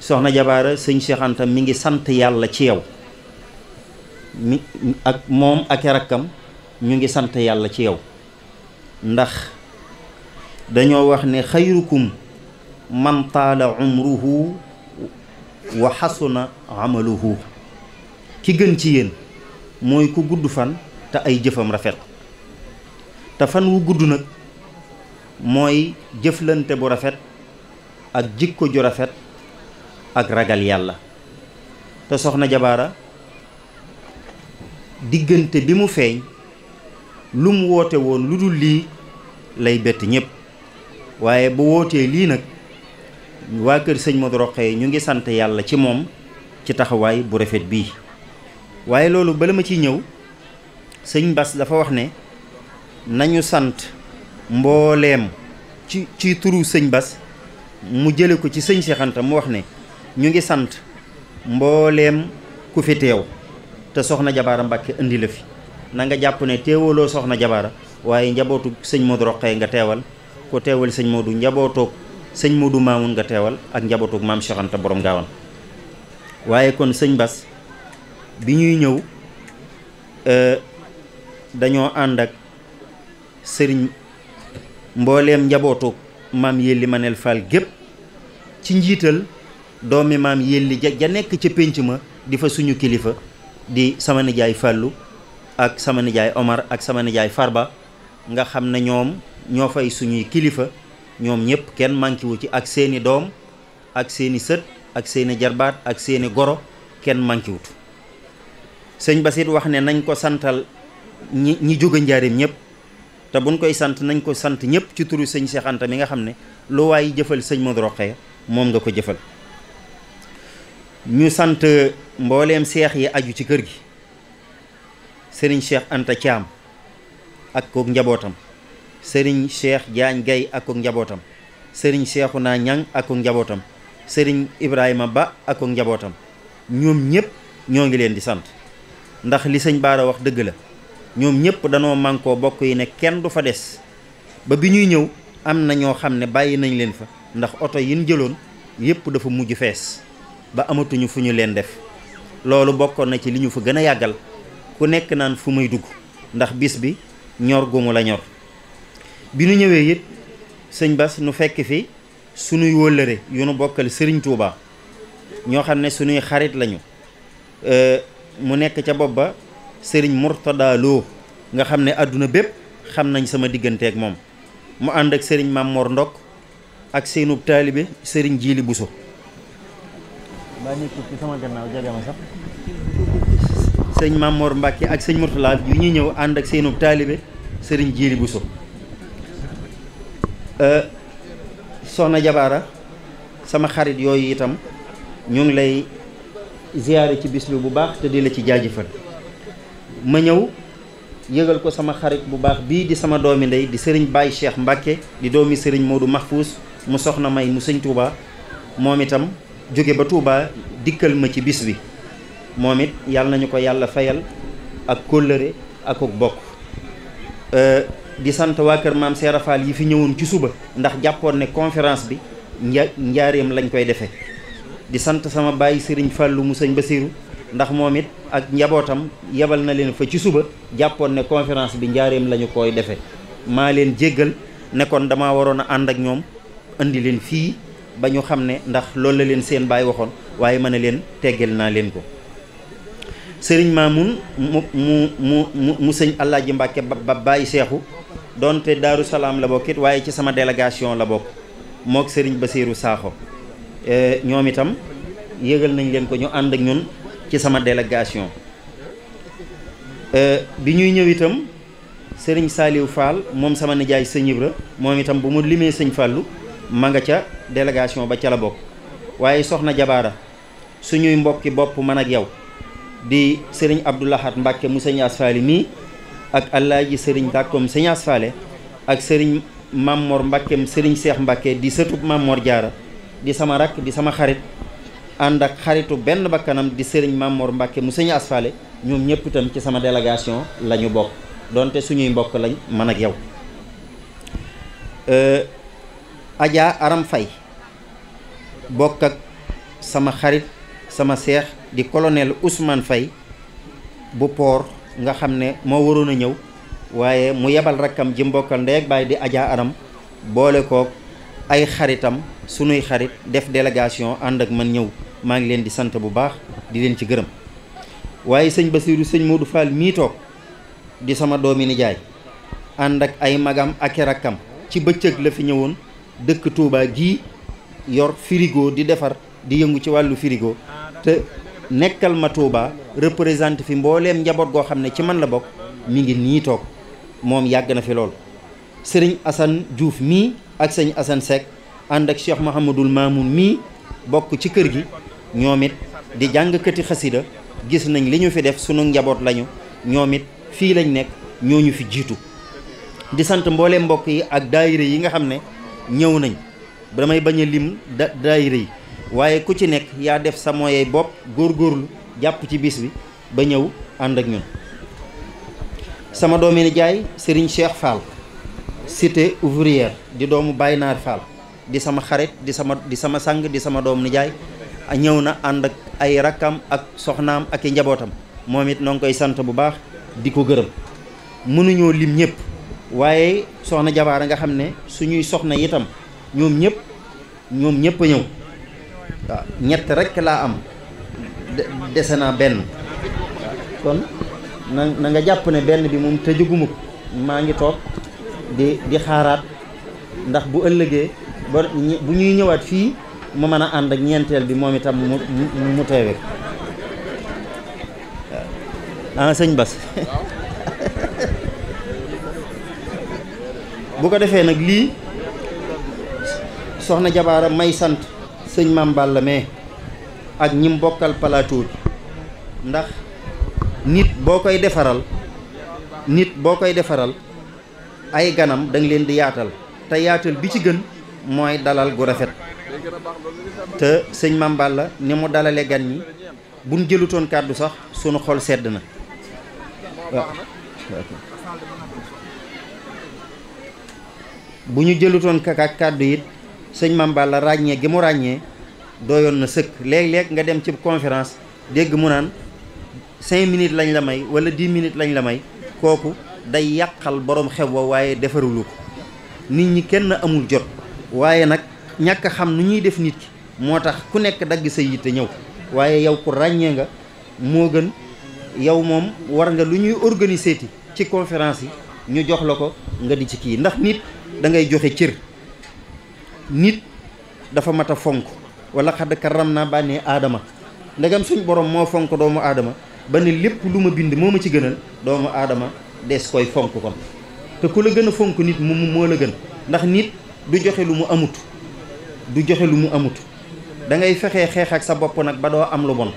soxna jabaara sëñ Cheikh Anta mi ngi sant yàlla ci yow mi ak moom ak rakkam ñu ngi sant yàlla ci yow ndax dañoo wax ne xayrukum man taala umruhu wa xasuna amaluhu ki gën ci yéen mooy ku gudd fan te ay jëfam rafet te fan wu gudd nag mooy jëflante bu rafet ak jikko ju rafet ak ragal yàlla te soxna jabara diggante bi mu feeñ lu mu woote woon lu dul lii lay bett ñépp waaye bu wootee lii nag waa kër sëñ Modou Rokhaya ñu ngi sant yàlla ci moom ci taxawaay bu rafet bii waaye loolu bala ma ci ñëw sëñ bas dafa wax ne nañu sant mbooleem ci ci turu sëñ Bass mu jële ko ci sëñ Cheikh mu wax ne ñu ngi sant mbooleem ku fi teew te soxna jabaara Mbàkke indi la fi na nga jàpp ne teewaloo soxna jabaara waaye njabootu sëñ Modou Rokhaya nga teewal ko teewal sëñ Modou njabootoog sëñ Modou Mamoun nga teewal ak njabootoog maam Cheikh Anta gaawan waaye kon sëñ Bas bi ñuy ñëw euh, dañoo ànd ak sëriñ mbooleem njabootoog maam Yelli Manel Fall gépp ci njiital doomi maam Yelli ja ja nekk ca pénc ma di fa suñu kilifa di sama nijaay Fallou ak sama nijaay Omar ak sama nijaay Farba nga xam ne ñoom ñoo fay suñuy kilifa ñoom ñëpp kenn manqué wu ci ak seeni doom ak seeni sët ak seeni jarbaat ak seeni goro kenn manqué wut sëñ Basit wax ne nañ ko santal ñi ñi jóge njaareem ñëpp te buñ koy sant nañ ko sant ñëpp ci turu sëñ Cheikh Anta mi nga xam ne lu waay jëfal sëñ Modou Rokhaya moom nga ko jëfal ñu sant mbooleem seex yi aju ci kër gi sëriñ Cheikh Anta Thiam ak kook njabootam sëriñ Cheikh Jaañ Gay ak kook njabootam sëriñ Seexuna Ñaŋ ak kook njabootam sëriñ Ibrahima Ba ak kook njabootam ñoom ñëpp ñoo ngi leen di sant ndax li sëñ Baara wax dëgg la ñoom ñëpp danoo mànkoo bokk yi ne kenn du fa des ba bi ñuy ñëw am na ñoo xam ne bàyyi nañ leen fa ndax oto yin jëloon yëpp dafa mujj fees ba amatuñu fu ñu leen def loolu bokkoon na ci li ñu fa gën a yàggal ku nekk naan fu may dugg ndax bis bi ñor gu mu la ñor bi nu ñëwee it sëñ Bas nu fekk fi sunuy wóllëre yu nu bokkal sëriñ Touba ñoo xam ne sunuy xarit lañu euh, mu nekk ca bopp ba sëriñ Mourtada nga xam ne àdduna bépp xam nañ sama diggante ak moom mu ànd ak sëriñ Mam Mor Ndokk ak seenub taalibe sëriñ Jiili Buso. mbaa nekkul sëñ Mamor Mbacke ak sëñ Mourtala yu ñuy ñëw ànd ak seenub taalibe sëriñ Jiiri Bousso euh, soxna Jabaara sama xarit yooyu itam ñu ngi lay ziyaare ci bis bi bu baax te di la ci jaajëfal ma ñëw yëgal ko sama xarit bu baax bii di sama doomi ndey di sëriñ Baye Cheikh Mbacke di doomi sëriñ Modou Mahfous mu soxna May mu sëñ Touba moom itam jóge ba tuuba dikkal ma ci bis bi. moom it yàlla nañu ko yàlla fayal ak kóllëre ak ak bokk euh, di sant waa kër maam Seera yi fi ñëwoon ci suba ndax jàppoon ne conférence bi nja njaareem lañ koy defee di sant sama bàyyi sëriñ Fallou mu sëñ Basiru ndax moom it ak njabootam yebal na leen fa ci suba jàppoon ne conférence bi njaareem lañu koy defee maa leen jéggal ne kon damaa waroon a ànd ak ñoom indi leen fii ba ñu xam ne ndax loolu la leen seen bàyyi waxoon waaye ma ne leen teggal naa leen ko. sëriñ Mamoun mu mu mu mu mu sëñ Alaaji Mbàkke ba bàyyi seexu donte Daaru Salaam la bokkit waaye ci sama délégation la bokk mook sëriñ ba Basiiru Saaxo e, ñoom itam yëgal nañ leen ko ñu ànd ak ñun ci sama délégation e, bi ñuy ñëw itam sëriñ Saaliw Fall moom sama nijaay sëñ Ibra moom itam bu mu limee sëñ Fàllu ma nga ca délégation ba ca la bokk waaye soxna Jabaara suñuy mbokki bopp mën ak yow di sëriñ Abdoulahat Mbacke mu sëñ As Faale mii ak Alaaji sëriñ Dàkkoom sëñ As ak sëriñ Mamor Mbackeem sëriñ Seex Mbacke di sëtu Mamor Jaara di sama rakk di sama xarit ànd ak xaritu benn bakkanam di sëriñ Mamor Mbacke mu sëñ As Faale ñoom ñëpp itam ci sama délégation lañu bokk donte suñuy mbokk lañ mën ak yow. Euh, Adja Aram Fay bokk ak sama xarit. sama seex di colonel Ousmane Faye bu port nga xam ne moo waroon a ñëw waaye mu yebal rakkam ji mbokkal ndey ak baay di ajaa Aram boole kook ay xaritam sunuy xarit def délégation ànd ak man ñëw maa ngi leen di sant bu baax di leen ci gërëm waaye sëñ ba Basiiru sëñ Modou Fall mii toog di sama doomi nijaay ànd ak ay magam ak rakkam ci bëccëg la fi ñëwoon dëkk Touba gii yor firigo di defar di yëngu ci wàllu firigo te nekkal ma Touba représenté fi mbooleem njaboot goo xam ne ci man la bokk mi ngi nii toog moom yàgg na fi lool sëriñ Assane Diouf mii ak sëñ Assane Seck ànd ak Cheikh Mouhamadul Mamoun mii bokk ci kër gi ñoom it di jàngkati xasida gis nañ li ñu fi def sunu njaboot lañu ñoom it fii lañ nekk ñoo ñu fi jiitu di sant mbooleem mbokk yi ak daayira yi nga xam ne ñëw nañ damay bañ a lim yi waaye ku ci nekk yaa def sa moyen bopp góor góorgóorlu jàpp ci biis bi ba ñëw ànd ak ñun sama doomi nijaay Serigne Cheikh Fall cité ouvrière di doomu Baye Naar Fall di sama xarit di sama di sama sang di sama doom nijaay ñëw na ànd ak ay rakkam ak soxnaam ak i njabootam moom it noo ngi koy sant bu baax di ko gërëm mënuñoo lim ñëpp waaye soxna jabaara nga xam ne suñuy soxna itam ñoom ñëpp ñoom ñëpp a ñëw waaw ñett rekk laa am dese naa benn kon na na nga jàpp ne benn bi moom tëjuguma ko maa ngi toog di di xaaraat ndax bu ëllëgee ba ñuy ñëwaat fii ma mën a ànd ak ñeenteel bi moom itam mu mu mu teewe ah sëñ Bas bu ko defee nag lii soxna jabaara may sant sëñ Mame Balla mais ak ñi bokkal plateau bi ndax nit boo koy defaral nit boo koy defaral ay ganam da leen di yaatal te yaatal bi ci gën mooy dalal gu rafet te sëñ Mame la ni mu dalale gan ñi buñ jëlutoon kàddu sax sunu xol sedd na bu ñu jëlutoon kaka kàddu it sëñ Mame Balla ràññee gi mu ràññee dooyoon na sëkk léeg-léeg nga dem ci conférence dégg mu naan cinq minutes lañ la may wala dix minutes lañ la may kooku day yàqal borom xew wa waaye defarulu ko nit ñi kenn amul jot waaye nag ñàkk xam nu ñuy def nit ki moo tax ku nekk dagg sa a ñëw waaye yow ku ràññee nga moo gën yow moom war nga lu ñuy organiser ti ci conférence yi ñu jox la ko nga di ci kii ndax nit da ngay joxe cër nit dafa mat fonk walla xadd karam naa bànnee aadama ndegam suñ borom moo fonk doomu aadama ba ne lépp lu ma bind moo ma ci gënal doomu aadama des koy fonk kon te ku la gën a fonk nit mu moo la gën ndax nit du joxe lu mu amut du joxe lu mu amut dangay fexe fexee xeex ak sa bopp nag ba doo am lu bon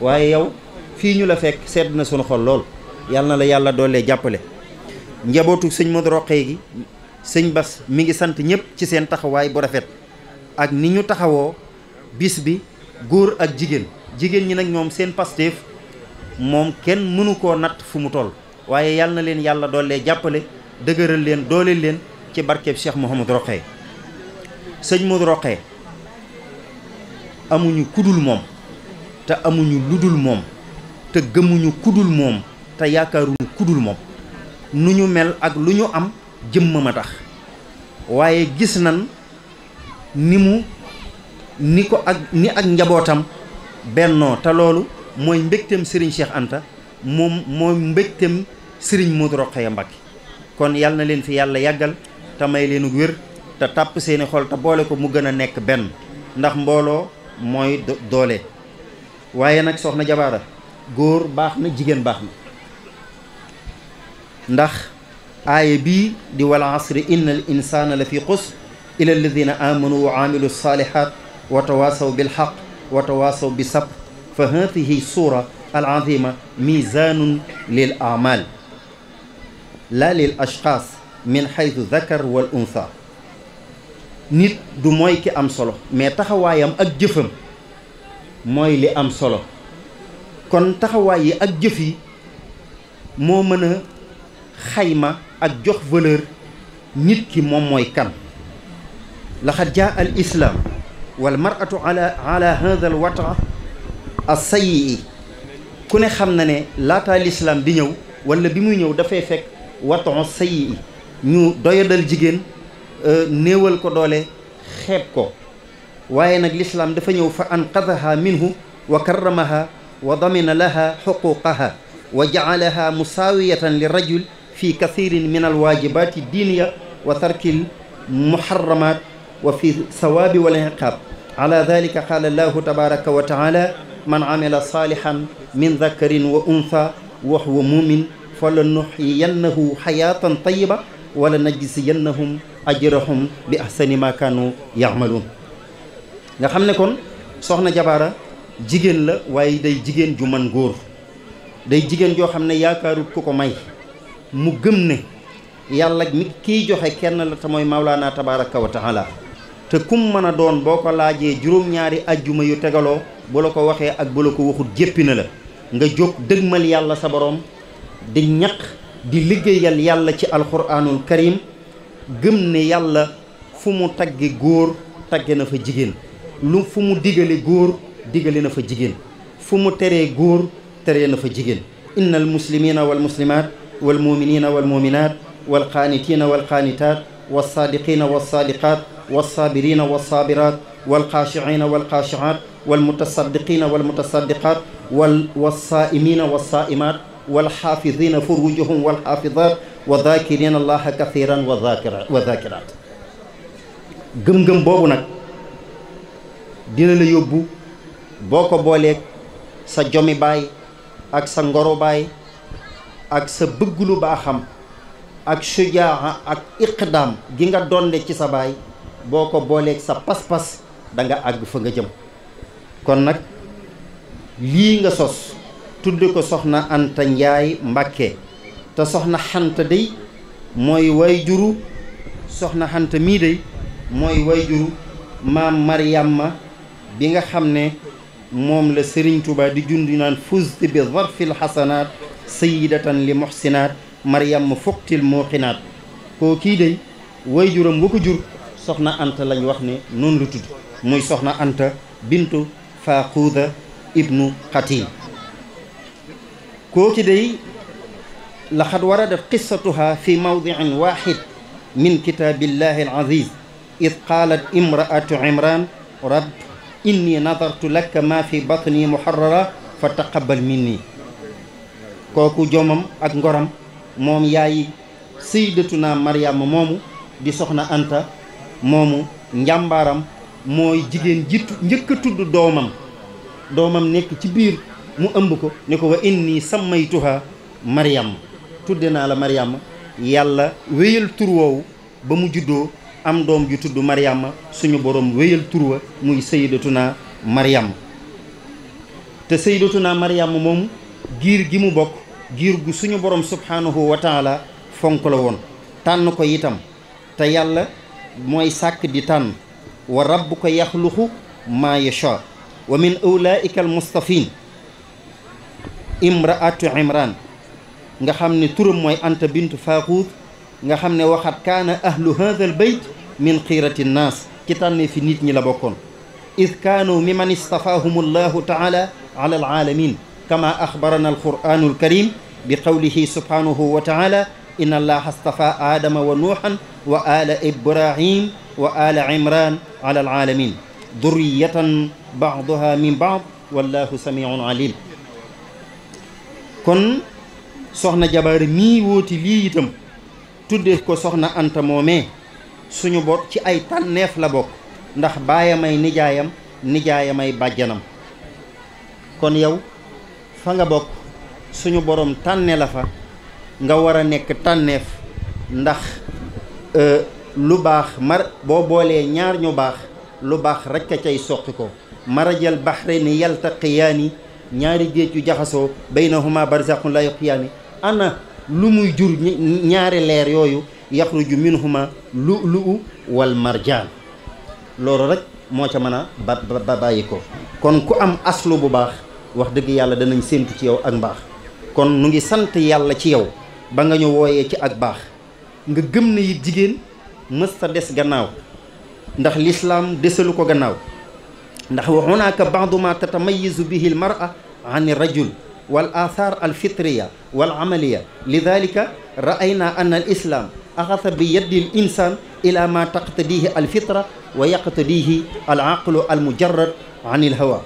waaye yow fii ñu la fekk sedd na sunu xol lool yàlla na la yàlla doole jàppale njabootu sëñ Modou Rokhaya gi sëñ Bas mi ngi sant ñëpp ci seen taxawaay bu rafet ak ni ñu taxawoo bis bi góor ak jigéen jigéen ñi nag ñoom seen pastéef moom kenn mënu koo natt fu mu toll waaye yàlla na leen yàlla doolee jàppale dëgëral leen dooleel leen ci barkeeb Cheikh Mouhamadou Roqee sëñ Modou Roqee amuñu kudul moom te amuñu ludul moom te gëmuñu kudul moom te yaakaaru kudul moom nu ñu mel ak lu ñu am jëmm ma tax waaye gis nan ni mu ni ko ak ni ak njabootam bennoo te loolu mooy mbégteem sëriñ Cheikh Anta moom mooy mbégteem sëriñ Modou Rokhaya Mbacké kon yal na leen fi yàlla yàggal te may leen wér te tàpp seeni xol te boole ko mu gën a nekk benn ndax mbooloo mooy doole waaye nag soxna jabaara góor baax na jigéen baax na ndax aaya bii di wal asri inna al insana la fi xus ila alladina amanu wa amilu salihat wa tawasaw bilxaq wa tawasaw bi sab fa hadihi sura al azima misanun lil amal la lil ashxaas min xaytu zakar wal untha nit du mooy ki am solo mais taxawaayam ak jëfam mooy li am solo kon taxawaay yi ak jëf yi moo mën a xayma ak jox valeur nit ki moom mooy kan laxad jaa al islaam wal maratu ala ala hada wata as sayyi ku ne xam na ne laata lislaam di ñëw wala bi muy ñëw dafay fekk waton sayyi ñu doyadal jigéen euh, néewal ko doole xeeb ko waaye nag lislaam dafa ñëw fa anqadaha minhu wa karramaha wa damina laha xuquqaha wa jaalaha musaawiyatan li rajul fi kathirin min alwajibati diiniya wa tarkil muharramat wa fi sawaabi wal iqaab ala dalika qaala allahu tabaraka wa taala man amila salihan min dakarin wa untha wa huwa mumin fala nuxyiyannahu xayaatan tayiba wala najziyannahum ajrahum bi ahsani ma kaanu yamaluun nga xam ne kon soxna jabaara jigéen la waaye day jigéen ju man góor day jigéen joo xam ne yaakaaru ku ko may mu gëm ne yàlla mi kiy joxe kenn la te mooy mawlaana tabaraka wa taala te kum mën a doon boo ko laajee juróom-ñaari ajjuma yu tegaloo bu la ko waxee ak bu la ko waxut jéppina la nga jóg dëgmal yàlla sa boroom di ñaq di liggéeyal yàlla ci alxuraanul karim gëm ne yàlla fu mu tagge góor tagge na fa jigéen lu fu mu digale góor digale na fa jigéen fu mu teree góor teree na fa jigéen innal muslimina wal muslimat والمؤمنين والمؤمنات والقانتين والقانتات والصادقين والصادقات والصابرين والصابرات والخاشعين والخاشعات والمتصدقين والمتصدقات والصائمين والصائمات والحافظين فروجهم والحافظات وذاكرين الله كثيرا وذاكرات gëm-gëm boobu nag dina la yóbbu boo ko booleeg sa jomi baay ak sa ngoro baay ak sa bëgg lu baaxam ak shujaa ak iqdaam gi nga donne ci sa baay boo ko booleeg sa pas-pas da àgg fa nga jëm kon nag lii nga sos tudd ko soxna Anta Njaay Mbàkke te soxna Xanta day mooy way soxna xant mii day mooy way juru maam Mariama bi nga xam ne moom la Sëriñ Tuubaa di jundi naan fuzti bi zarfil xasanaat sayidatan li muxsinaat maryam fuqtil muuqinaat koo kii day way juram wa ko jur soxna anta lañ wax ne noonu lu muy soxna anta bintu faaquuda ibnu xatil kooki day laxad waradat qissatuha fi mawdicin waxid min kitaabillahi alaziz id qaalat imraatu imran rab inni nadartu laka ma fi batni muharrara fa taqabal minni kooku jomam ak ngoram moom yaayi sayyidatuna Mariama moomu di soxna Anta moomu njàmbaaram mooy jigéen ji njëkk a tudd doomam doomam nekk ci biir mu ëmb ko ne ko wa inni sammaytuha Mariama tudde naa la Mariama yàlla wéyal tur ba mu juddoo am doom ju tudd Mariama suñu borom wéyal tur muy sayyidatuna Mariama te sayyidatuna Mariama moomu giir gi mu bokk giir gu suñu borom subhanahu wa taala fonk la woon tànn ko itam te yàlla mooy sàkk di tànn wa ko yaxluqu maa yashaa wa min awlaaika al mustafin imraatu imran nga xam ne turam mooy anta bintu faaquut nga xam ne waxat kaana ahlu hadha al bayt min xiirati nnaas ci tànnee fi nit ñi la bokkoon id kaanu mi man istafaahum allahu taala ala kama axbarana alquranu alkarim bi qawlihi subhanahu wa taala inna allaha astafa aadama wa nuuhan wa ala ibrahim wa ala imran ala alalamin durriyatan baaduha min baad wallahu samiun alim kon soxna jabaar mii wooti lii itam tuddee ko soxna anta moomee suñu ci ay tànneef la bokk ndax baayamay nijaayam nijaayamay bàjjanam kon yow fa nga bokk suñu boroom tànne la fa nga war a nekk tànneef ndax euh, lu baax mar boo boolee ñaar ñu baax lu baax rekk a cay soqi ko marajal bahrayni yaltaqiyaani ñaari géej yu jaxasoo na baynahuma barzaxun la yuqiyaani ana lu muy jur ñaari leer yooyu yaxruju minhuma lu lu wal marjaan loolu rek moo ca mën a ba ba bàyyi ko kon ku am aslu bu baax wax dëgg yàlla danañ séentu ci yow ak mbaax kon nu ngi sant yàlla ci yow ba nga ñu wooyee ci ak baax nga gëm ne it jigéen mës des gannaaw ndax lislaam desalu ko gannaaw ndax wa hunaaka ba'du ma tatamayizu bihi almar'a an rajul wal athar alfitriya wal amaliya lidalika ra'ayna anna al islam axasa bi yaddi al insan ila ma taqtadihi alfitra wa yaqtadihi al aqlu almujarrad an ilhawa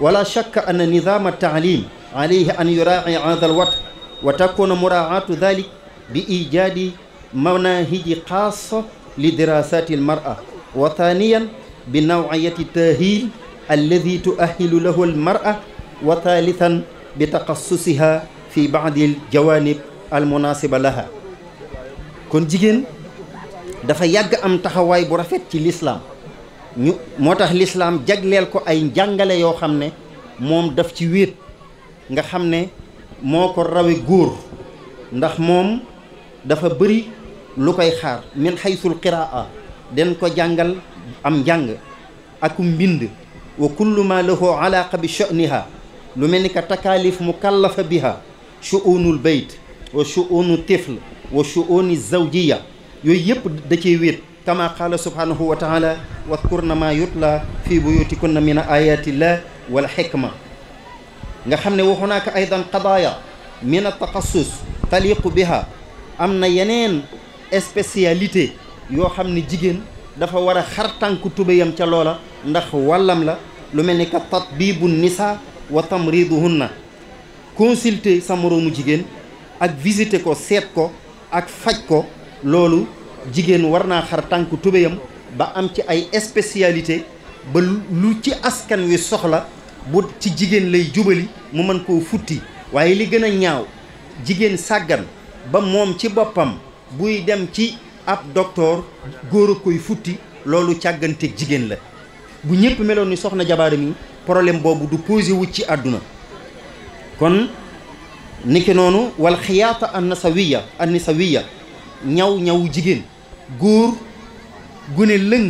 wala shakka anna nidama taalim alayhi an yuraaci hada alwat wa takuna muraacatu dalik bi ijaadi manahiji xaasa li dirasati almara wa thaniyan bi nawciyati tahil alladi tuahilu lahu almara wa thalithan bi taxassusiha fi baadi aljawanib almunasiba laha kon jigéen dafa yàgg am taxawaay bu rafet ci lislaam ñu moo tax lislaam jagleel ko ay njàngale yoo xam ne moom daf ci wéet nga xam ne moo ko rawe góor ndax moom dafa bëri lu koy xaar min xaysul qiraa den ko jàngal am njàng ak mbind wa kullu ma lahu alaqa bi sha'niha lu mel ni ka takaalif mukallafa biha shu'unul bayt wa shu'unu tifl wa shu'uni zawjiya yooyu yëpp da cee wéet kama qaala subhanahu wa taala wadkurna ma yutla fi buyutikunna min ayatillah wal xikma nga xam ne wa hunaaka aydan qadaaya min altaqassus taliqu biha am na yeneen spécialité yoo xam ne jigéen dafa war a xar tànku tubéyam ca loola ndax wàllam la lu mel ni ka tatbibu nisa wa na consulter sa moroomu jigéen ak visiter ko seet ko ak faj ko loolu jigéen war naa xar tànku tubéyam ba am ci ay spécialité ba lu ci askan wi soxla bu ci jigéen lay jubali mu mën koo futti waaye li gën a ñaaw jigéen sàggan ba moom ci boppam buy dem ci ab docteur góor a koy futti loolu càgganteeg jigéen la bu ñëpp meloon ni soxna jabaara mi problème boobu du posé ci àdduna kon niki noonu wal xiyaata an nasawiya an nisawiya ñaw ñaw jigéen góor gune ne lëng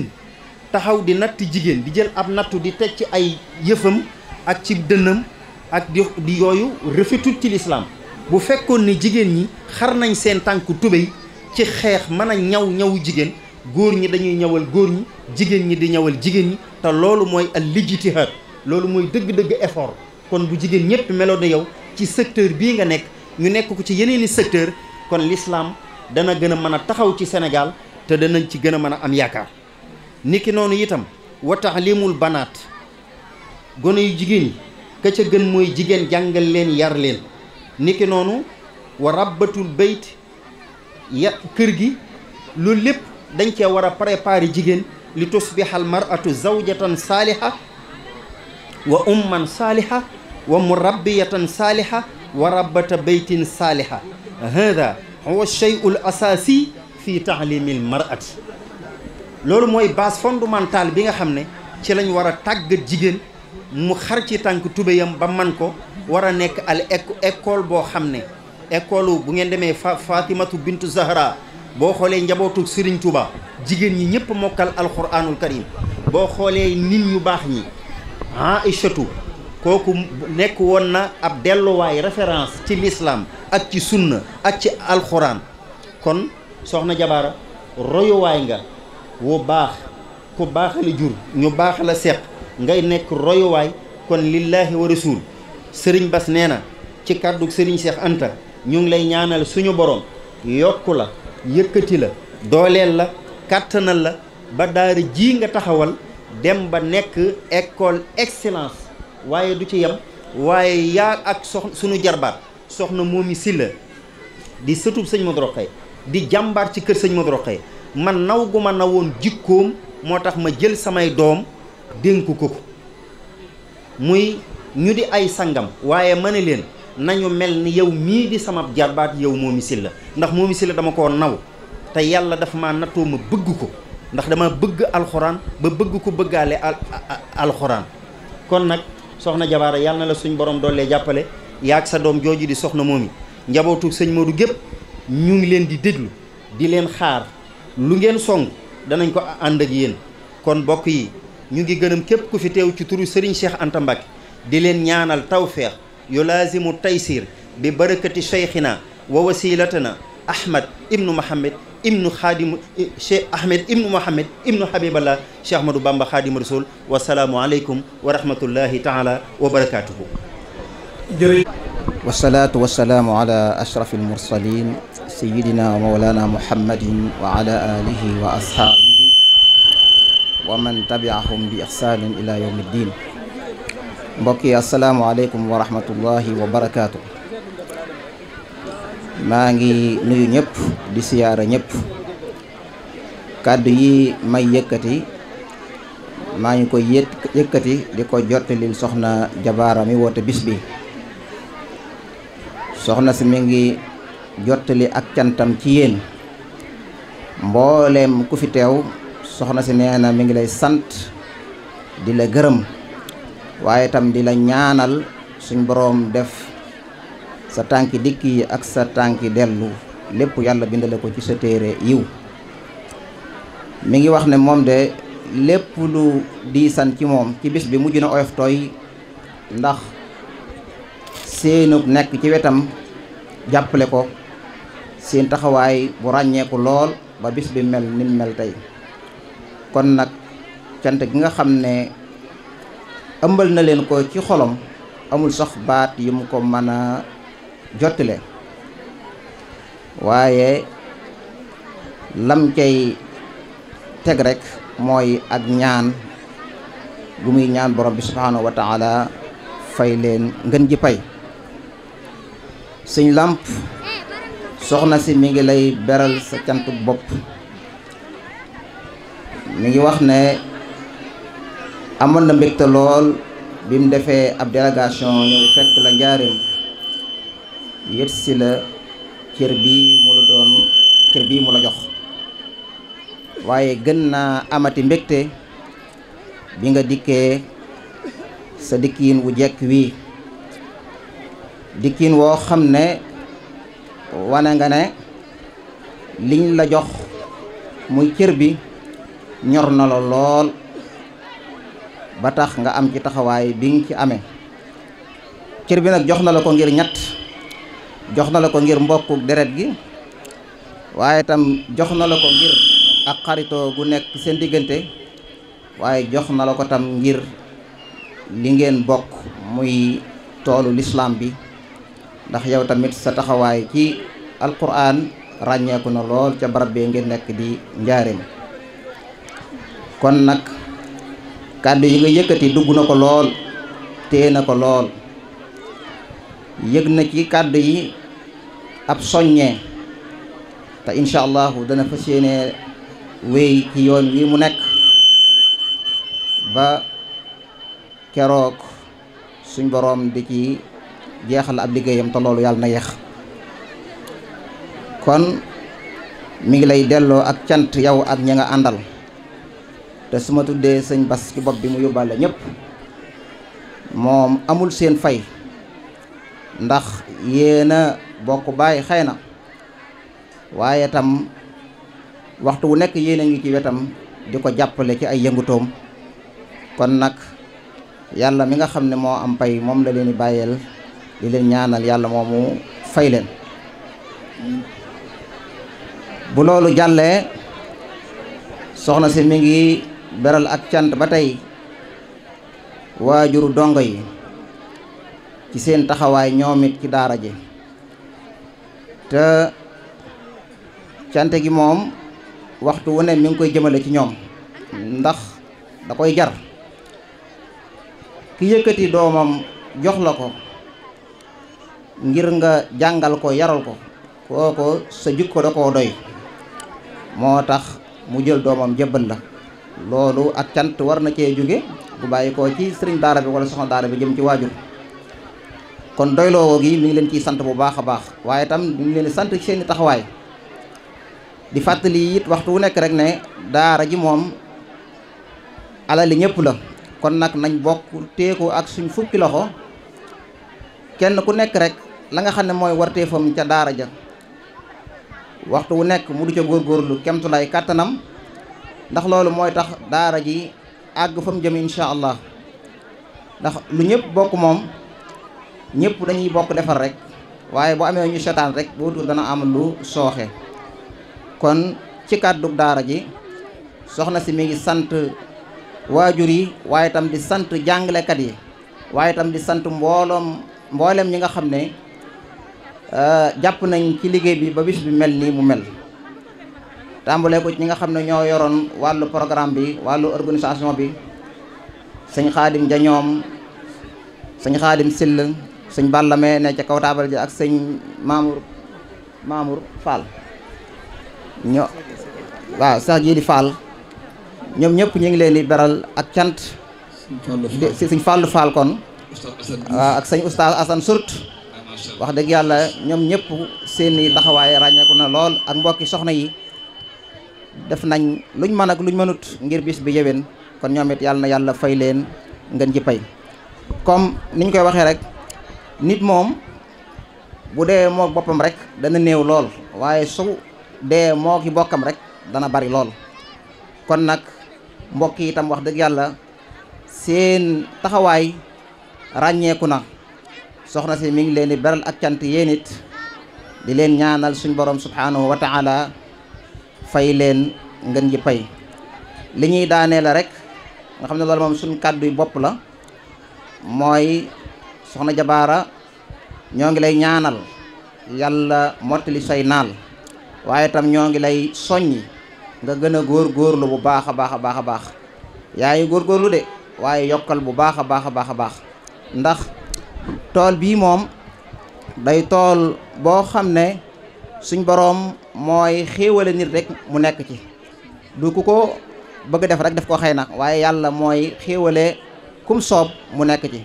taxaw di natt jigéen di jël ab nattu di teg ci ay yëfam ak ci dënnam ak di yooyu rafetul ci lislaam bu fekkoon ne jigéen ñi xar nañ seen tànku tubéy ci xeex mën a ñaw ñawu jigéen góor ñi dañuy ñawal góor ñi jigéen ñi di ñawal jigéen ñi te loolu mooy al lijtihaad loolu mooy dëgg-dëgg effort kon bu jigéen ñëpp meloon na yow ci secteur bii nga nekk ñu nekk ko ci yeneeni secteur kon lislaam dana gën a mën a taxaw ci Sénégal te danañ ci gën a mën a am yaakaar niki noonu itam wa taxlimul banaat gone yu jigéen ñi ka ca gën mooy jigéen jàngal leen yar leen niki noonu wa rabbatul bayt ya kër gi loolu lépp dañ cee war a préparer jigéen li tusbihal mar'atu zawjatan saaliha wa umman saaliha wa murabbiyatan saaliha wa rabbata baytin saaliha hada huwa shay'ul asasi fi taalimil mar'ati loolu mooy base fondamentale bi nga xam ne ci lañ war a tàggat jigéen mu xar ci tànk tubéyam ba man ko war a nekk al école boo xam ne école bu ngeen demee Fatimatu bintu Zahra boo xoolee njabootu Serigne Touba jigéen ñi ñëpp mokkal alquranul karim boo xoolee nit ñu baax ñi Aïchatu kooku nekk woon na ab delluwaay référence ci l'islam ak ci sunna ak ci alxuraan kon soxna jabaara royuwaay nga wu baax ku baax jur ñu baax la seq ngay nekk royuwaay kon lillaahi wa rasuul sëriñ bas nee na ci kàddu sëriñ Cheikh Anta ñu ngi lay ñaanal suñu borom yokku la yëkkati la dooleel la kàttanal la ba daara ji nga taxawal dem ba nekk école excellence waaye du ci yem waaye yaa ak sox suñu jarbaat soxna moomi Silla di sëtub sëñ Modou Rokhaya di jàmbaar ci kër sëñ Modou Rokhaya man naw gu ma nawoon jikkoom moo tax ma jël samay doom dénku ko ko muy ñu di ay sangam waaye ma ne leen nañu mel ni yow mii di sama jarbaat yow Momy la ndax Momy la dama koo naw te yàlla dafa ma nattoo ma bëgg ko ndax dama bëgg alxuraan ba bëgg ko bëggaale alxuraan kon nag soxna jabaara yàlla na la suñu borom doolee jàppale yaag sa doom jooju di soxna Momy njabootu sëñ Modou gépp ñu ngi leen di déglu di leen xaar lu ngeen song danañ ko ànd ak yéen kon bokk yi ñu ngi gërëm képp ku fi teew ci turu Serigne Cheikh Anta di leen ñaanal tawféex yu laazimu taysir bi barakati cheikhina wa wasilatana ahmad ibnu mohamad ibnu xaadimu eh, cheikh ahmed ibnu mohamad ibnu habiballah cheikh ahmadou bamba xaadimu rasul wasalaamu aleykum wa rahmatullahi taala wa barakatuhu jërëjëf wasalaatu wasalaamu ala ashraf almursalin sayidina wa mawlana muhammadin wa ala alihi wa ashaabihi wa man tabiahum bi ixsanin ila yawmi ddin mbokk yi asalaamu aleykum wa rahmatullahi wa barakaatu maa ngi nuyu ñëpp di siyaara ñëpp kàddu yi may yëkkati maa ngi koy yëkkati di ko jottalil soxna jabaara mi woote bis bi soxna si mi ngi jottali ak cantam ci yéen mbooleem ku fi teew soxna si nee na mi ngi lay sant di la gërëm waaye tam di la ñaanal suñ boroom def sa tànki dikk yi ak sa tànki dellu lépp yàlla bindale ko ci sa téere yiw mi ngi wax ne moom de lépp lu diisan ci moom ci bis bi mujj na oyof tooy ndax seenu nekk ci wetam jàppale ko seen taxawaay bu ràññeeku lool ba bis bi mel ni mel tey kon nag cant gi nga xam ne ëmbal na leen ko ci xolom amul sax baat yi mu ko mën a jottale waaye lam cay teg rek mooy ak ñaan gu muy ñaan borom bi subhanahu wa fay leen ngën ji pay sëñ làmp soxna si mi ngi lay beral sa cantu bopp mi ngi wax ne amoon na mbégte lool bi mu defee ab délégation ñëw fekk la njaarim yët si la cër bi mu la doon cër bi mu la jox waaye gën naa amati mbégte bi nga dikkee sa dikkiin wu jekk wii dikkin woo xam ne wane nga ne liñ la jox muy cër bi ñor na la lool ba tax nga am ci taxawaay bi nga ci amee cër bi nag jox na la ko ngir ñett jox na la ko ngir mbokku deret gi waaye tam jox na la ko ngir ak xaritoo gu nekk seen diggante waaye jox na la ko tam ngir li ngeen bokk muy toolu lislaam bi ndax yow tamit sa taxawaay ci alquran ràññeeku na lool ca barab bee ngeen nekk di njaareem kon nag kàddu yi nga yëkkati dugg na ko lool téye na ko lool yëg na ci kàddu yi ab soññee te incha allahu dana fas yéene wéy ci yoon wi mu nekk ba keroog suñ boroom di ci jeexal ab liggéeyam te loolu yàlla na yeex kon mi ngi lay delloo ak cant yow ak ña nga àndal te su ma tuddee sëñ Bas ci bopp bi mu yóbbaale ñëpp moom amul seen fay ndax yéen a bokk bàyyi xay na waaye tam waxtu wu nekk yéen a ngi ci wetam di ko jàppale ci ay yëngutoom kon nag yàlla mi nga xam ne moo am pay moom la leen di bàyyeel di leen ñaanal yàlla moomu fay leen bu loolu jàllee soxna si mi ngi beral ak cant ba tey waajuru dongo yi ci seen taxawaay ñoom it ci daara ji te cante gi moom waxtu wu ne mi ngi koy jëmale ci ñoom ndax da koy jar ki yëkkati doomam jox la ko ngir nga jàngal ko yaral ko ko sa jikko da koo doy moo tax mu jël doomam jëbbal la loolu ak cant war na cee jóge bu bàyyi koo ci sëriñ daara bi wala soxna daara bi jëm ci waajur kon doyloo gi mi ngi leen ciy sant bu baax a baax waaye itam mu ngi leen sant ci seen i taxawaay di fàttali it waxtu wu nekk rek ne daara ji moom alali ñëpp la kon nag nañ bokk teeku ak suñ fukki loxo kenn ku nekk rek la nga xam ne mooy warteefam ca daara ja waxtu wu nekk mu du ca góorgóorlu kemtulaay kàttanam ndax loolu mooy tax daara ji àgg fa mu jëm incha allah ndax lu ñëpp bokk moom ñëpp dañuy bokk defar rek waaye bu amee ñu seetaan rek bootul dana am lu sooxe kon ci kàddu daara ji soxna si mi ngi sant waajur yi waaye tam di sant jàngalekat yi waaye tam di sant mbooloom mboolem ñi nga xam ne Euh, jàpp nañ ci liggéey bi ba bis bi mel nii mu mel tàmbalee ko ci ñi nga xam ne ñoo yoroon wàllu programme bi wàllu organisation bi sëñ xaadim jañoom sëñ xaadim sill sëñ bàllame ne ca kaw taabal ji ak sëñ Mamour Mamour Fall ñoo waaw sax jii di Fall ñoom ñëpp ñu ngi leen di beral ak cant si sëñ Fallu Fall kon ak sëñ oustaz Assane Sourte wax dëgg yàlla ñoom ñëpp seeni taxawaay ràññeeku na lool ak mbokki soxna yi def nañ luñ mën ak luñ mënut ngir bis bi yewén kon ñoom it yàlla na yàlla fay leen ngeen ji pay comme niñ koy waxee rek nit moom bu dee mook boppam rek dana néew lool waaye su dee moo bokkam rek dana bari lool kon nag mbokk yi itam wax dëgg yàlla seen taxawaay ràññeeku na soxna si mi ngi leen di beral ak cant yéen it di leen ñaanal suñ borom subhanahu wa taala fay leen ngeen ji pay li ñuy daanee la rek nga xam ne loolu moom suñ kàddu bopp la mooy soxna jabaara ñoo ngi lay ñaanal yàlla mottali say naal waaye tam ñoo ngi lay soññ nga gën a góor góorlu bu baax a baax a baax a baax yaa ngi góorgóorlu de waaye yokkal bu baax a baax a baax a baax ndax tool bii moom day tool boo xam ne suñ boroom mooy xéewale nit rek mu nekk ci du ku ko bëgg def rek def ko xëy na waaye yàlla mooy xéewale kum soob mu nekk ci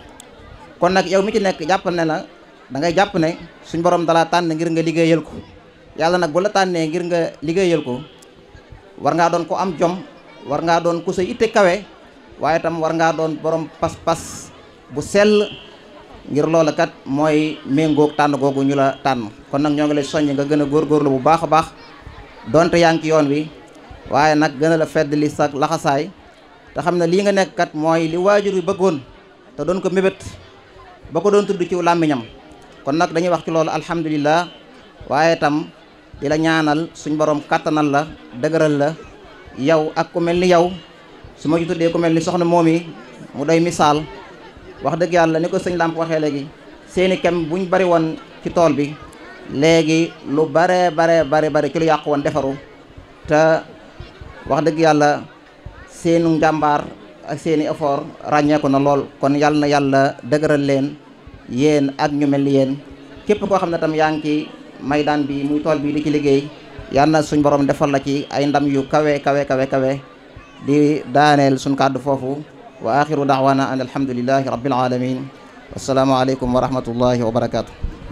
kon nag yow mi ci nekk jàpp ne la da ngay jàpp ne suñ boroom dalaa tànn ngir nga liggéeyal ko yàlla nag bu la tànnee ngir nga liggéeyal ko war ngaa doon ko am jom war ngaa doon ku sa itte kawe waaye tam war ngaa doon borom pas-pas bu sell ngir loola kat mooy méngook tànn googu ñu la tànn kon nag ñoo ngi lay soññ nga gën a góorgóorlu bu baax a baax donte yaa yoon wi waaye nag gën la fedd li sa laxasaay te xam na lii nga nekk kat mooy li waajur wi bëggoon te doon ko mébét ba ko doon tudd ci làmmiñam kon nag dañuy wax ci loolu alhamdulilah waaye itam di la ñaanal suñ borom kàttanal la dëgëral la yow ak ku mel ni yow su ma ci tuddee ku mel ni soxna moom yi mu doy misaal wax dëgg yàlla ni ko sëñ làmp waxee léegi seeni kem buñ bari woon ci tool bi léegi lu bare bare bare bare ci lu yàqu woon defaru te wax dëgg yàlla seenu ngàmbaar ak seeni effort ràññeeku na lool kon yàlla na yàlla dëgëral leen yéen ak ñu mel ni yéen képp koo xam ne tam yaa ngi ci maydaan bi muy tool bi di ci liggéey yàlla na suñ borom defal la ci ay ndam yu kawe kawe kawe kawe di daaneel suñ kàddu foofu wa axiru da'wana an alhamdulillahi rabbil alamin wassalaamu aleykum wa rahmatullahi wa barakatuh